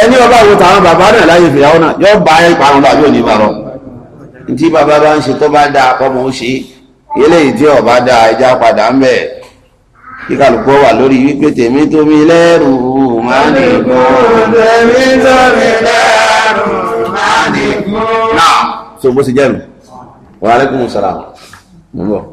ẹni ọba wo tàwọn bàbá náà láyé fìyàwó náà yóò bá ẹ parun lọ àbí òní bá rọ tí bàbá bá ń ṣe tó bá dáa kọ́mọ ó ṣe eléyìí tí ọba dáa ẹja padà ń bẹ̀ẹ́ kíkàlùkọ́ wà lórí wípé tèmi tó mi lẹ́rù máa ní kún tèmi tó mi lẹ́rù máa ní kún. náà so bó ṣe jẹ́ mi wa alaikum salaam mo ń bọ̀. ṣé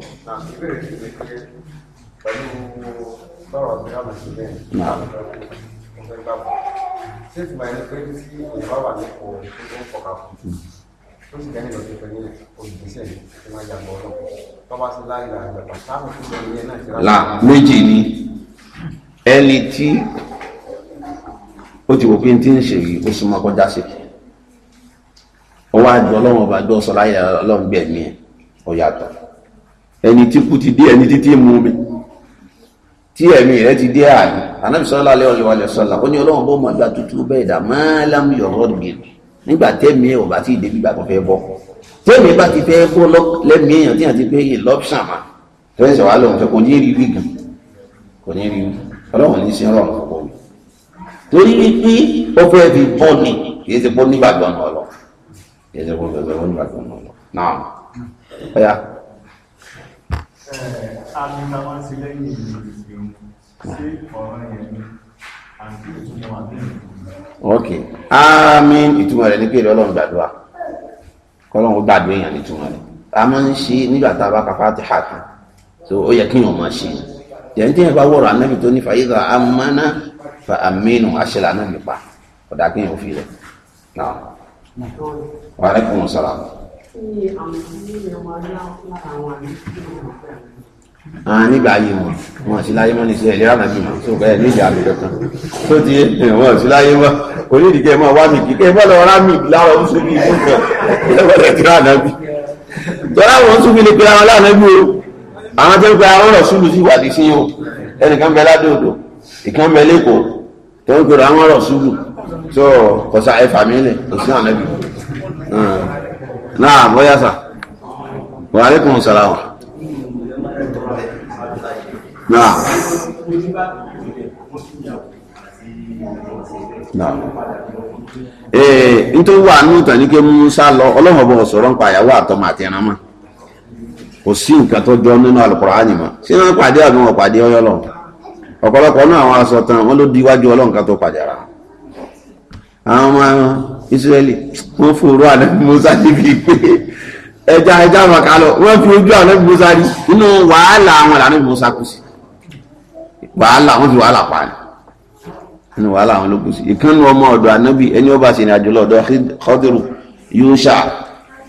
tí màá pé tí ìyàwó wà ní kò tó ń fọkà fún un kírísítẹ́nì lọ sí pẹ̀lú olùdíṣẹ́ tí wọ́n yàgbọ́ ọlọ́pọ̀ tọ́ba sí láì là àgbàpá sáàmù tó lọ yẹn náà ti rà. là méjì ni ẹni tí ó ti wò pé tí ń ṣe yìí ó súnmọ́ kọjá sí ọwọ́ àjọ ọlọ́run ọba gbọ́ sọ láyé ọlọ́run gbẹ̀mí ẹ̀ ó yàtọ̀ ẹni tí kú ti dé ẹni títí mú mi tí ẹ̀mí rẹ̀ ti dé àná anábìsọ́lá alẹ́ ọ̀lẹ́wàlẹ̀ sọ́lá ó ní ọlọ́run bó mọ̀ gbà tútù bẹ́ẹ̀ dà máa lámú yọ̀rọ̀ gbèrè nígbà tẹ́mi ò bá tí ì débi gbàgbọ́ fẹ́ bọ́ tẹ́mi bá ti fẹ́ bọ́ lẹ́mi èèyàn tí yàn ti pé yìí lọ́pṣàn mà fẹ́ẹ́ sọ̀rọ̀ alẹ́ òun fẹ́ kò ní rí rí gan kò ní rí ọlọ́run ní sin ọlọ́run fọwọ́ mi torí wípé ó fẹ́ fi bọ́ ni kì í ṣe bọ́ nígbàgbọ́ náà lọ kì í ṣe bọ́ nígbàgbọ́ náà lọ náà ó yá. àmì táwọn ṣe lẹ́yìn ìrìn ìrìn ṣé ọ̀rọ̀ yẹn ni àǹtí ok àmín ìtumọ̀ rẹ̀ ní pé ọlọ́run gbàdúrà kọ́lọ́run gbàdúrà èèyàn nítumọ̀ rẹ̀ a máa ń ṣe nígbà tá a bá ka Fatiha kan so ó yẹ kí wọn máa ṣe yẹn tí yẹn bá wọ̀rọ̀ anábì tó ní fàyídà amáná fa amínú aṣẹlẹ̀ anábì pa ọ̀dà kí yẹn ò fi rẹ̀ náà wàhálà kí wọn sọ̀rọ̀ àwọn ah, nígbà ayé wọn wọn sí láyé wọn ní sí ẹlẹ́rà náà bímọ tó bẹ́ẹ̀ ní ìyá mi kankan tó ti wọn sí láyé wọn kò ní ìdíkẹ́ máa wá mi kí kẹ́ ẹ bọ́lọ̀ ọ̀rá mi lára ọ̀hún sóbi ìbú kan ẹ bọ́lọ̀ ẹ̀kí rà náà bí. tọ́lá wọn tún fi lè pe àwọn láàánú bí o àwọn tó ń pe àwọn rọ̀ṣúlù sí ìwádìí sí yẹn ẹnìkan bẹ ládòdò ìkan bẹ lẹ́kọ̀ọ́ tó ń pe àwọn rọ̀ṣúlù tó kọ̀sà ẹ̀fà mi lẹ̀ kò Ee nítorí wà Musa lọ ọlọ́run ọba nkwa ń pa ma àtọmọ àti ẹran jọ nínú Al-Qur'ani mọ́. Ṣé wọ́n pàdé àbí ọyọlọ pàdé ọyọ́ lọ? Ọ̀pọ̀lọpọ̀ náà iwaju ọlọ ara. ẹja ẹja maka Musa dị wàhálà àwọn Musa wàhálà wọn fi wàhálà pa ni nínú wàhálà àwọn ló kù sí ìkànnì ọmọ ọ̀dọ̀ anábì ẹni ọba sì ní àjò lọ́dọ̀ Khadiru Yusha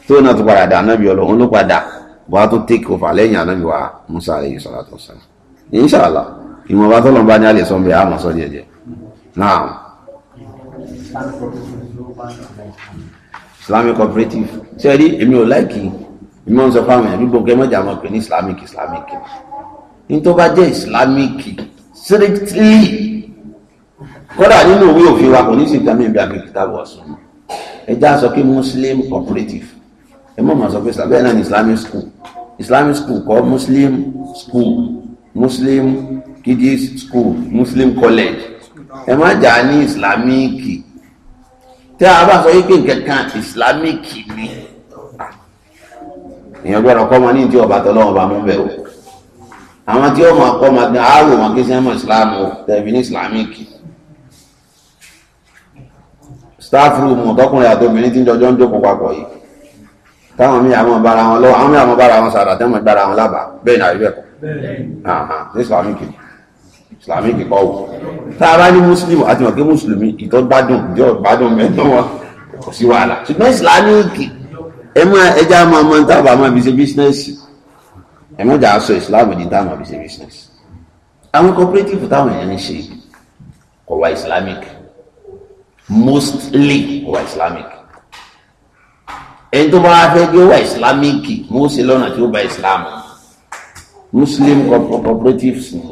tó náà tó padà dà anábì ọlọ òun ló padà wà á tó take over lẹ́yìn anábì wa Musa alayhi salatu wa salam inṣàlá ìwọ̀nba tó lọ́nba ní alẹ́ sọ́nbẹ̀ àmọ́ sọ́ díẹ̀ díẹ̀ náà. Islamic cooperative ṣe rí èmi ò láìkì èmi wọn sọ fáwọn èèyàn gbogbo ẹmọjà ọmọ pé ní Islamic Islamic ní tó bá jẹ́ Islamic strictly kódà nínú òwe òfin wa kò ní sí ìdámẹ́ ìbí àgbẹ̀kìtà wọ̀ sùn ẹja sọ pé muslim cooperative ẹ mọ̀ máa sọ pé sàbẹ́ náà ní islamic school islamic school kọ́ muslim school muslim kiddies school muslim college ẹ má jà ní islamic tẹ́ a bá sọ yí pé nǹkan kan islamic ni èèyàn gbọ́dọ̀ kọ́ ọmọ ní ìdí ọ̀bàtọ́ lọ́wọ́ bá mú bẹ́ẹ̀ o àwọn tí ó máa kọ́ máa gbin àárò wọn kí sẹ́mọ̀ ìsìláàmù tẹ̀bí ní ìsìlámìkì staff room ọ̀tọ́kùnrin àtòbìnrin tí ń jọjọ́ ń jókòó papọ̀ yìí táwọn míì àwọn bára wọn lọ́wọ́ àwọn míì àwọn bára wọn sàrà tẹ́mọ̀ gbára wọn lábàá bẹ́ẹ̀ náà rí bẹ́ẹ̀ kọ́ ní ìsìlámìkì ìsìlámìkì kọ́ wò tá a bá ní mùsùlùmí àti mọ̀ pé mùsùlùmí ìtọ́ gbádùn ìjọ gbádùn mẹ́tọ́ wọn kò sí wàhálà ṣùgbọ́n ẹ mọ̀jà aṣọ ìsìláàmù ní táwọn àbí ṣe business àwọn cooperative táwọn èèyàn ń ṣe kò wá islamic mostly kò wá islamic ẹni tó bá wá fẹ́ kí ó wá islamic mo ṣe lọ́nà tí ó bá islam muslim cooperatives ni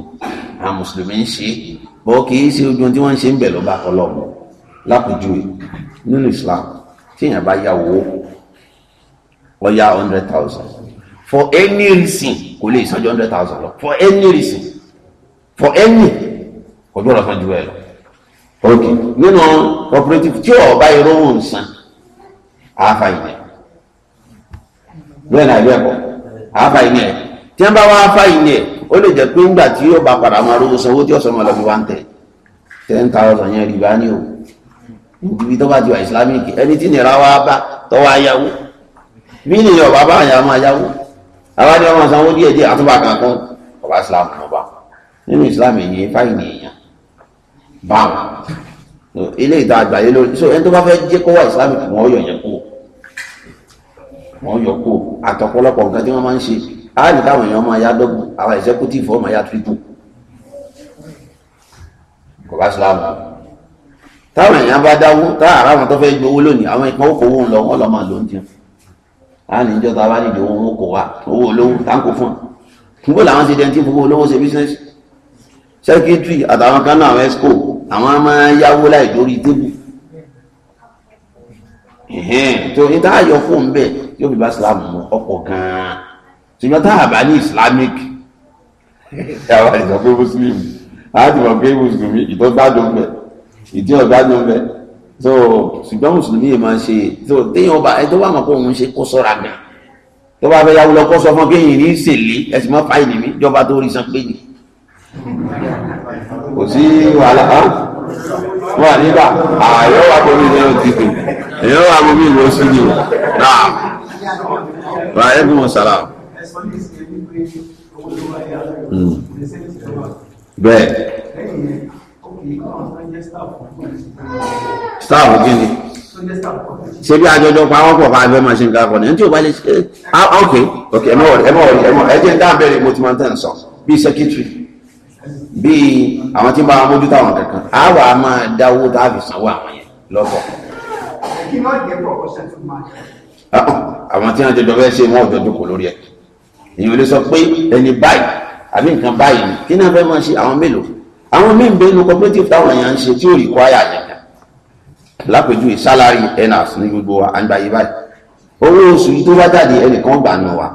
àwọn mùsùlùmí ń ṣe bọ́ kì í ṣe ojú tí wọ́n ń ṣe ń bẹ̀ ló bá kọlọ́ mọ́ lápòjúwe nínú islam tí èèyàn bá yá owó ó hundred thousand for any reason kò lè san hundred thousand lọ for any reason for any kò gbọ́dọ̀ san ju ẹ lọ ok nínú cooperative tí ọba ìrówó ń san àáfà yìí yẹn bẹ́ẹ̀ náà ẹgbẹ́ kọ́ àáfà yìí yẹn tí wọ́n bá wá àáfà yìí yẹn ó lè jẹ́ pé ńgbà tí yóò bá padà máa rówó sanwó tí ọ̀sán máa lọ fi wá ń tẹ̀ ten thousand yẹn rí bá ní o ibi tó bá ti wà islamic ẹni tí nira wá bá tọ́wọ́ ayáwó bí nìyẹn ọ̀bá bá àyà máa yáwó àwa ni ọmọ sanwó díẹ̀ díẹ̀ àtúbà kan kún ọba islam náà bá nínú islam yìí fáìní èèyàn bá wọn ilé ìta àgbáyé lórí so ẹni tó bá fẹ́ jẹ́ kó wá islam kì wọ́n yọ̀ yẹn kú wọ́n yọ kú àtọ̀pọ̀lọpọ̀ nǹkan tí wọ́n máa ń ṣe àárín táwọn èèyàn máa ya dọ́gbọ̀n àwọn executive ọmọ ya tripu kò islam táwọn èèyàn bá dáwó táwọn aráwọn tó fẹ́ gbowó lónìí àwọn ìpínwó kò wó ń lọ wọ́n lọ máa lò á ní ìjọba bá nídìí owó wọn kò wá owó olówó táǹkó fún un níbo làwọn ti dẹntí fowó olówó ṣe bísíǹsì sẹkítírì àtàwọn kan náà àwọn ẹsikó àwọn máa yáwó láì dórí tébù tó ní táyọ̀ fóun bẹ́ẹ̀ yóò fi bá islam mọ ọ̀pọ̀ gan-an ṣùgbọ́n táyà bá ní islamic àwọn àìsàn pé muslim á ti pé mùsùlùmí ìtọ́gbádùn bẹ̀ ìdí ọ̀gbádùn so ṣùgbọ́n mùsùlùmí yìí máa ń ṣe so téèyàn bá ẹ tó bá mọ̀ pé òun ṣe kó sọ́ra gan tó bá fẹ́ yáwó lọ kó sọ fún kéèyàn ní sèlé ẹ̀sìn mọ́ fáìlì mi jọba tó rí san pé ni kò sí wàhálà á wà nígbà ààyè wà bómi ní ọtí tó èyí wà bómi ìlú oṣù ni o náà wà ẹ bí mo sàrà. bẹ́ẹ̀ staff kí ni ṣe bí àjọjọ pa wọ́pọ̀ fún abẹ́ máa ṣe nǹkan akọni ẹni tí ò bá lè ṣe eh, ah, ok ok ẹ mọ̀ ẹ mọ̀ ẹ mọ̀ ẹ jẹ́ ń dáhùn bẹ́ẹ̀ ni mo ti máa ń tẹ̀ ń sọ bíi secretary bíi àwọn tí ń bá wa mójútó àwọn kankan á wà á máa dá owó tá a fi sanwó àwọn yẹn lọ́pọ̀. kí má jẹ́ proportion tó máa àwọn tí wọ́n jọjọ fẹ́ ṣe wọ́n jọjọ kò lórí ẹ̀ èèyàn lè sọ pé ẹni báyìí àbí nǹkan báyìí kí náà fẹ́ máa ṣe àwọn mélòó àwọn míì bẹ́ẹ̀ nu cooperative táwọn èèyàn ń ṣe tí ò rí kwaya yẹn lápèjúwe salary earners ní gbogbo àgbáyé báyìí owó oṣù yìí tó bá jáde ẹnìkan gbà nù wa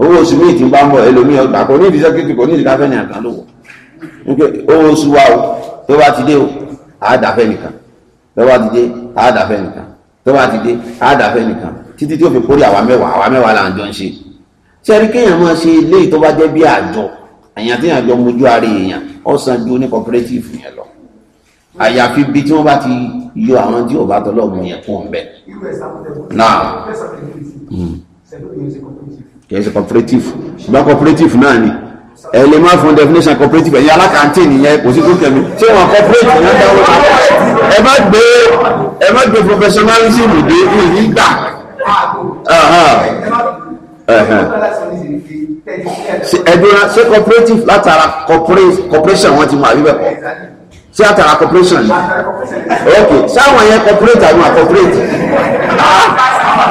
owó oṣù míì ti bá ń bọ̀ ẹlòmíì ọgbà kò ní ìdí sẹ́kìtì kò ní ìdí káfẹ́ nìyàn kan ló wọ̀ nígbà owó oṣù wa o tó bá ti dé o àádàfẹ́ nìkan tó bá ti dé àádàfẹ́ nìkan tó bá ti dé àádàfẹ́ nìkan títí tí ó fi kórè àwa mẹ́wàá àwa mẹ́wàá là ń jọ ń ṣe ṣẹ́rí kéèyàn máa ṣe eléyìí tó bá jẹ́ bí àjọ àyàn tí àjọ mojú ara èèyàn ó san ju ní cooperative yẹn lọ àyàfi bí tí wọ́n bá ti yọ àwọn tí ò bá tọ́lọ̀ mú yẹn kó ń bẹ̀. náà kìí ṣe cooperative ṣùgbọ́n cooperative náà ni ẹ lè má fún definition cooperative ẹ̀yin alákàntì nìyẹn kò sí tó kẹ̀mí ṣé wọn cooperative náà dáwọ́ ẹ má gbé ẹ má gbé professionalism dé ìyí gbà ẹ̀dúrà ṣé cooperative látara corporation wọ́n ti mú àbí bẹ́ẹ̀ kọ́ ṣé látara corporation ni ok sáwọn yẹn corporate àwọn corporate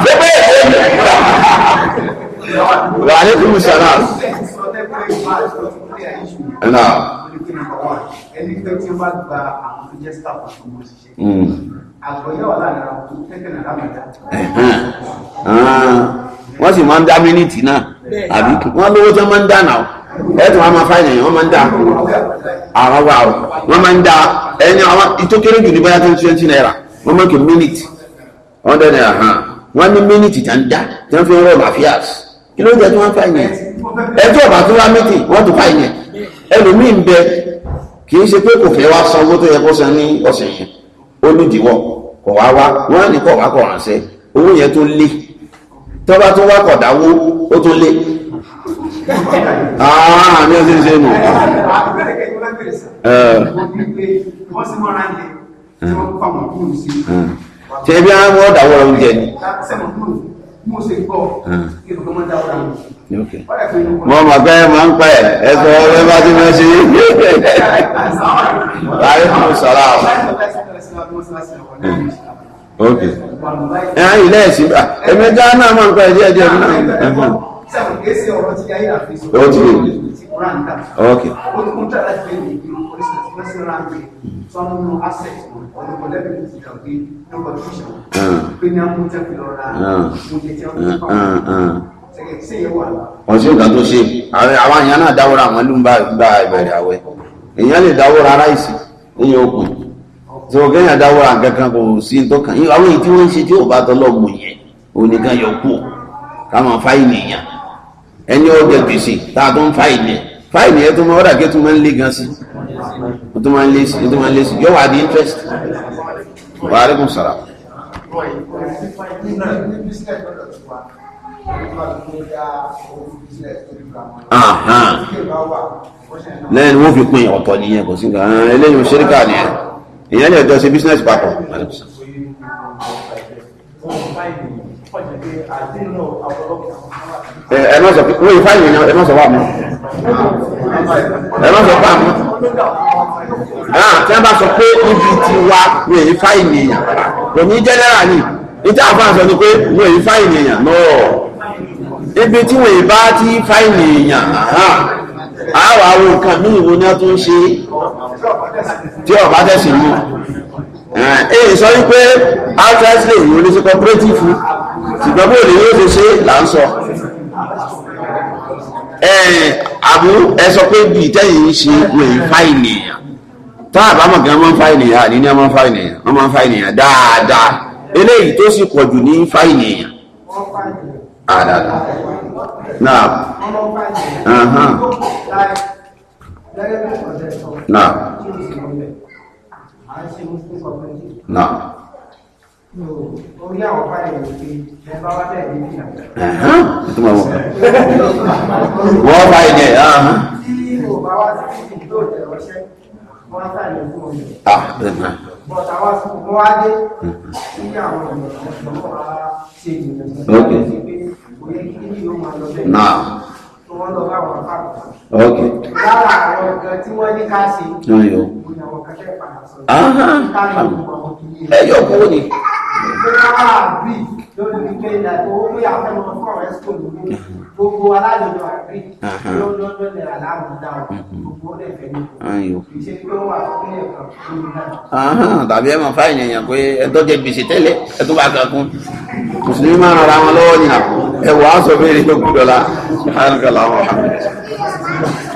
gbogbo èdè wà ní kúrú sara. ẹnà. ẹni tó ti wọ́n sì máa ń dá mínítì náà àbí wọ́n lówó tó máa ń dá náà ẹ̀tùn wọn máa fáyìn èèyàn wọ́n máa ń dá àwọn wa wọ́n máa ń dá ẹni àwọn jù ní bóyá tó ń naira wọ́n máa ń kí mínítì wọ́n naira hàn wọ́n ní mínítì tá ń dá tí wọ́n fi ń rọ̀ màfíàs kí ló tí wọ́n yẹn ẹjọ́ tó wá mítì wọ́n tó yẹn bẹ kì í ṣe pé tó bá tún wá kọ̀dáwó ó tún lé àmì ah, ọ̀sẹ̀ ṣe nù. Eh. Eh. ṣe bí wọ́n dáwọ́ ọ̀rọ̀ oúnjẹ ni eh. mo mọ̀ pé mo ń pẹ́ ẹ̀sọ́ ọ̀rẹ́ bá ti mọ́ láyé fún sọ́lá ok ẹ á ilé ẹ̀sìn bá ah, ẹ̀mí ẹja náà máa ń pa ẹ̀jẹ̀ ẹ̀jẹ̀ náà ẹ̀ bọ̀. ó ti lè lè ok. wọ́n sí ìgbà tó ṣe àwọn èèyàn náà dáwọ́ra àwọn ló ń bá ìbẹ̀rẹ̀ àwẹ̀ èèyàn lè dáwọ́ra aráìsí èèyàn okùn tí wọ́n kẹ́yìn adáwọ́ra kankan kò sí tọ́kàn yín àwọn èyí tí wọ́n ń ṣe tí ò bá tọ́lọ̀ mọ̀ yẹn onìkan yọ kú káwọn fáìlì yẹn ẹni ó jẹ gbèsè tá a tó ń fáìlì yẹn fáìlì yẹn tó máa ọ̀dà kí tó máa ń lé gan sí ó tó máa ń lé sí ó tó máa ń lé sí yọ wà á di interest wa alaikum salaam lẹ́yìn wọ́n fi pín ọ̀tọ̀ nìyẹn kò sí nǹkan eléyìí ṣẹ́ríkà nìyẹn èèyàn lè jọ ṣe business papọ̀. ẹ má sọ pé wọ́n ìfáyìí ni ẹ má sọ wà mọ́ ẹ má sọ wà mọ́ tí wọ́n bá sọ pé ibi ti wa mi èyí fáyìí nìyàn kò ní general ni ìjà àfáà sọ ni pé mi èyí fáyìí nìyàn náà ibi tí wọ́n èyí bá ti fáyìí nìyàn àwọn àwọn nǹkan míì wo ni wọ́n tún ṣe é tí ọba tẹ̀sí mú èyí sọ wípé outright lè yí olóṣè cooperative ṣùgbọ́n bí òní yóò ṣe ṣe là ń sọ àbú ẹ sọ pé bíi tẹ́yìn ṣe wèé fáìlì èèyàn tá a bá mọ̀ gan máa ń fáìlì èèyàn àní ní a máa ń fáìlì èèyàn wọ́n máa ń fáìlì èèyàn dáadáa eléyìí tó sì pọ̀jù ní fáìlì èèyàn ah, dáadáa náà gẹ́gẹ́ bí ọ̀dẹ̀ sọ náà tí ó sì lọ bẹ̀ à ń ṣe muslim community náà orí àwọn báyìí wò pé ẹ bá wá bẹ́ẹ̀ níbi náà. wọ́n bá yìí jẹ́ tí o bá wá sí títì yóò tẹ̀ ọṣẹ́ wọ́n sàlẹ̀ fún ọ̀dẹ̀. bọ̀dà wá sí mo wá dé sí àwọn ọ̀dọ̀ ọ̀dọ̀ wa ṣe ìgbìyànjú. ó yẹ kí yóò máa lọ bẹ́ẹ̀ tó wọ́n lọ láwọn àpapọ̀. ok. lára àwọn nǹkan tí wọ́n ní ká ṣe. náà yọ. ìgbìyànjú kan tẹ́ padà sọ. ẹyọ kúrò ní. ìgbéyàwó àbí lórí wípé owó pé àwọn ọmọ fún ọ̀rẹ́ sùkò ní gbogbo alájọjọ àgbè lọ́dọọdọ náírà láàmú dáhùn gbogbo ó lẹ̀fẹ̀ ní kò ṣe pé ó wà fún ẹ̀kan lórí náà. tàbí ẹ máa fáyìn èèyàn pé ẹtọ́ jẹ gbèsè tẹ́lẹ̀ ẹtọ́ bá kankun mùsùlùmí máa ràn ara wọn lọ́wọ́ ni àpò ẹ̀wọ̀ á sọ fún èrè gbogbo dọ́là ṣáà làwọn ọ̀hún.